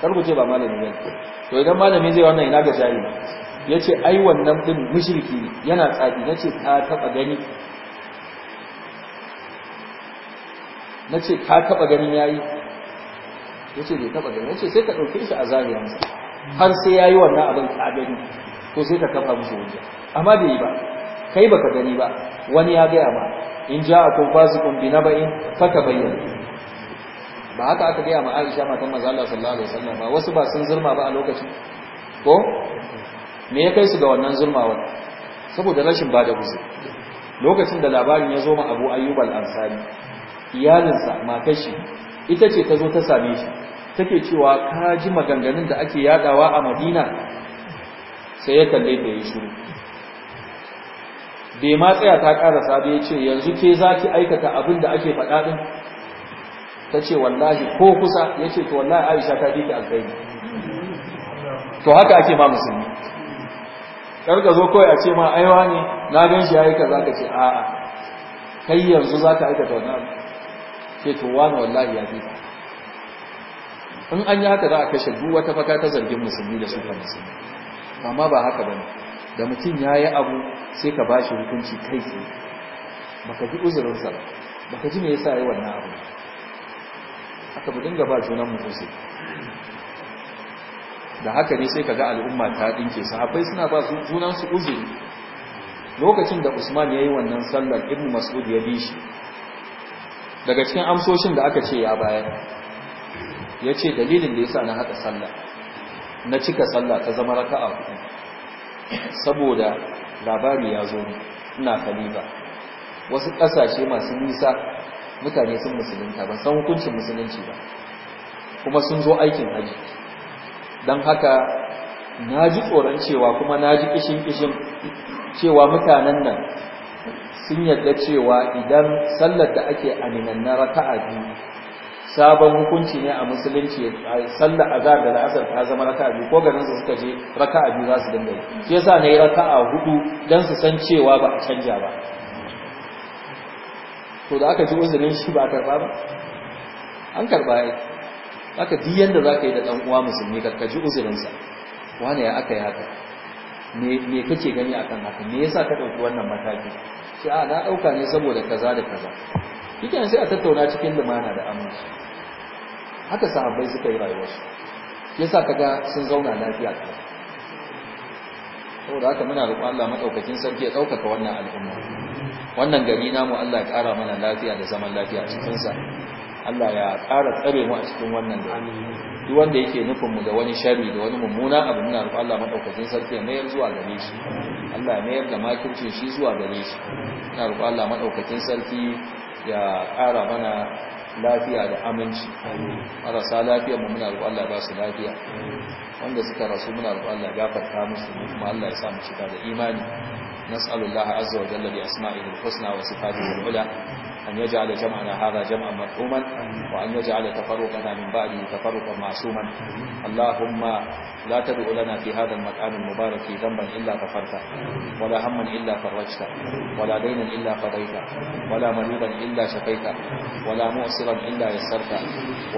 kar ku ce ba malami ne to idan malami zai wannan ina ga jari ya ce ai wannan din mushriki ne yana tsaki na ce ka taba gani na ce ka taɓa ganin ya yi ya ce bai taɓa ganin ya ce sai ka ɗauke shi a zagayensa har sai ya yi wannan abin ka gani ko sai ka kafa musu wuce amma bai yi ba kai baka gani ba wani ya gaya ma in ja kumbi na bi naba'in bayyana. ba haka aka gaya ma Aisha matan manzo Allah sallallahu alaihi wasallam ba wasu ba sun zurma ba a lokacin ko me ya kai su ga wannan zurmawar saboda rashin bada guzuri lokacin da labarin ya zo ma Abu Ayyubal al-Ansari iyalinsa matar shi ita ce ta zo ta same shi take cewa ka ji maganganun da ake yadawa a madina sai ya kalle ta yi shiru bai ma tsaya ta karasa ya ce yanzu ke za ki aikata abin da ake faɗa ɗin ta ce wallahi ko kusa ya ce to wallahi aisha ta fi ki alkhairi to haka ake ma musulmi ka zo kawai a ce ma aiwa ne na gan shi ya yi kaza ka ce a'a kai yanzu za ka aikata wannan sai to wani wallahi ya fi in an yi haka za a kashe duk wata faka ta zargin musulmi da suka musulmi amma ba haka bane da mutum ya yi abu sai ka bashi hukunci kai tsaye baka ji uzurinsa baka ji me yasa yi wannan abu aka bu dinga ba junan mu kusa da haka ne sai kaga al'umma ta dinke sahabbai suna ba su junan su uzuri lokacin da Usman yayi wannan sallar Ibn Mas'ud ya bi shi daga cikin amsoshin da aka ce ya bayar ya ce dalilin da ya sa na haɗa sallah na cika sallah ta zama raka'a hudu saboda labari ya zo ina khalifa wasu ƙasashe masu nisa mutane sun musulunta ban san hukuncin musulunci ba kuma sun zo aikin haji don haka na ji tsoron cewa kuma na ji kishin-kishin cewa mutanen nan sun yadda cewa idan sallar da ake aminan na raka'a biyu sabon hukunci ne a musulunci sallar azhar da la'asar ta zama raka'a biyu ko ganin su suka je raka'a biyu za su dinga yi shi yasa raka raka'a hudu dan su san cewa ba a canja ba to da aka ji uzurin shi ba karba ba an karba ai aka di yanda zaka yi da dan uwa musulmi ka ji uzurin sa wani ya aka yi haka me me kake gani akan haka me yasa ka dauki wannan mataki sai a na ɗauka ne saboda kaza da kaza kikin sai a tattauna cikin lumana da aminci haka sahabbai suka yi rayuwarsu yasa kaga sun zauna lafiya ta saboda haka muna roƙon Allah madaukakin sarki ya ɗaukaka wannan al'umma wannan gari namu Allah ya ƙara mana lafiya da zaman lafiya cikin sa Allah ya kara tsare mu a cikin wannan gari duk wanda yake nufin mu da wani sharri da wani mummuna abu muna roƙon Allah madaukakin sarki ya mayar zuwa gare shi Allah ya mayar da makircin shi zuwa gare shi muna roƙon Allah madaukakin sarki ya ƙara mana lafiya da aminci marasa lafiya mu muna roƙon Allah ba su lafiya wanda suka rasu muna roƙon Allah gafarta musu kuma Allah ya sa mu cika da imani nas'alullaha azza wa jalla bi asma'ihi al-husna wa sifatihi al-ula أن يجعل جمعنا هذا جمعا مرحوما وأن يجعل تفرقنا من بعده تفرقا معصوما اللهم لا تدع لنا في هذا المكان المبارك ذنبا إلا غفرته ولا هما إلا فرجته ولا دينا إلا قضيته ولا مريضا إلا شفيته ولا مؤسرا إلا يسرته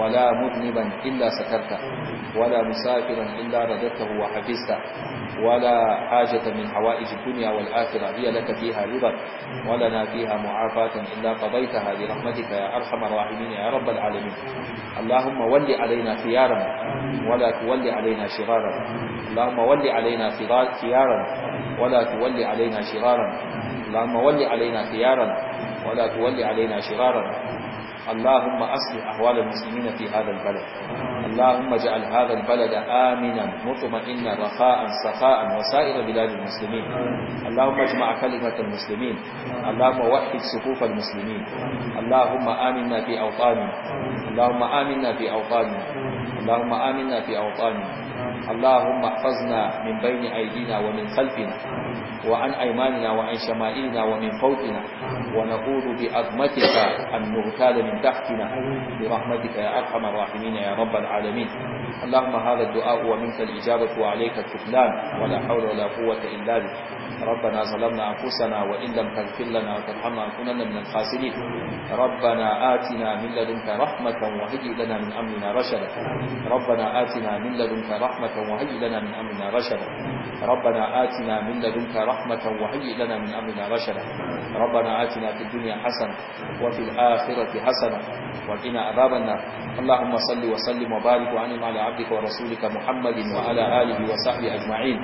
ولا مذنبا إلا سترته ولا مسافرا إلا رددته وحفظته ولا حاجة من حوائج الدنيا والآخرة هي لك فيها رضا ولنا فيها معافاة إلا قضيتها برحمتك يا أرحم الراحمين يا رب العالمين اللهم ول علينا خيارنا ولا تول علينا شرارنا اللهم ول علينا خيارنا ولا تول علينا شرارنا اللهم ول علينا خيارنا ولا تول علينا شرارنا اللهم أصلح أحوال المسلمين في هذا البلد اللهم اجعل هذا البلد آمنا مطمئنا رخاء سخاء وسائر بلاد المسلمين اللهم اجمع كلمة المسلمين اللهم وحد صفوف المسلمين اللهم آمنا في أوطاننا اللهم آمنا في أوطاننا اللهم آمنا في أوطاننا اللهم احفظنا من بين أيدينا ومن خلفنا وعن أيماننا وعن شمائلنا ومن فوقنا ونقول بأظمتك أن نغتال من تحتنا برحمتك يا أرحم الراحمين يا رب العالمين اللهم هذا الدعاء ومنك الإجابة وعليك الكفلان ولا حول ولا قوة إلا بك ربنا ظلمنا أنفسنا وإن لم تغفر لنا وترحمنا لنكونن من الخاسرين ربنا آتنا من لدنك رحمة وهيئ لنا من أمرنا رشدا ربنا آتنا من لدنك رحمة وهيئ لنا من أمرنا رشدا ربنا آتنا من لدنك رحمة وهيئ لنا من أمرنا رشدا ربنا آتنا في الدنيا حسنة وفي الآخرة حسنة وقنا عذاب النار اللهم صل وسلم وبارك وأنعم على عبدك ورسولك محمد وعلى آله وصحبه أجمعين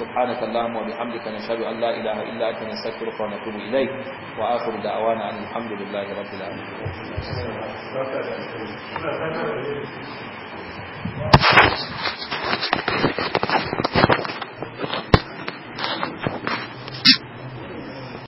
سبحانك اللهم وبحمدك نشهد ونشهد أن لا إله إلا أنت نستغفرك ونتوب إليك وآخر دعوانا أن الحمد لله رب العالمين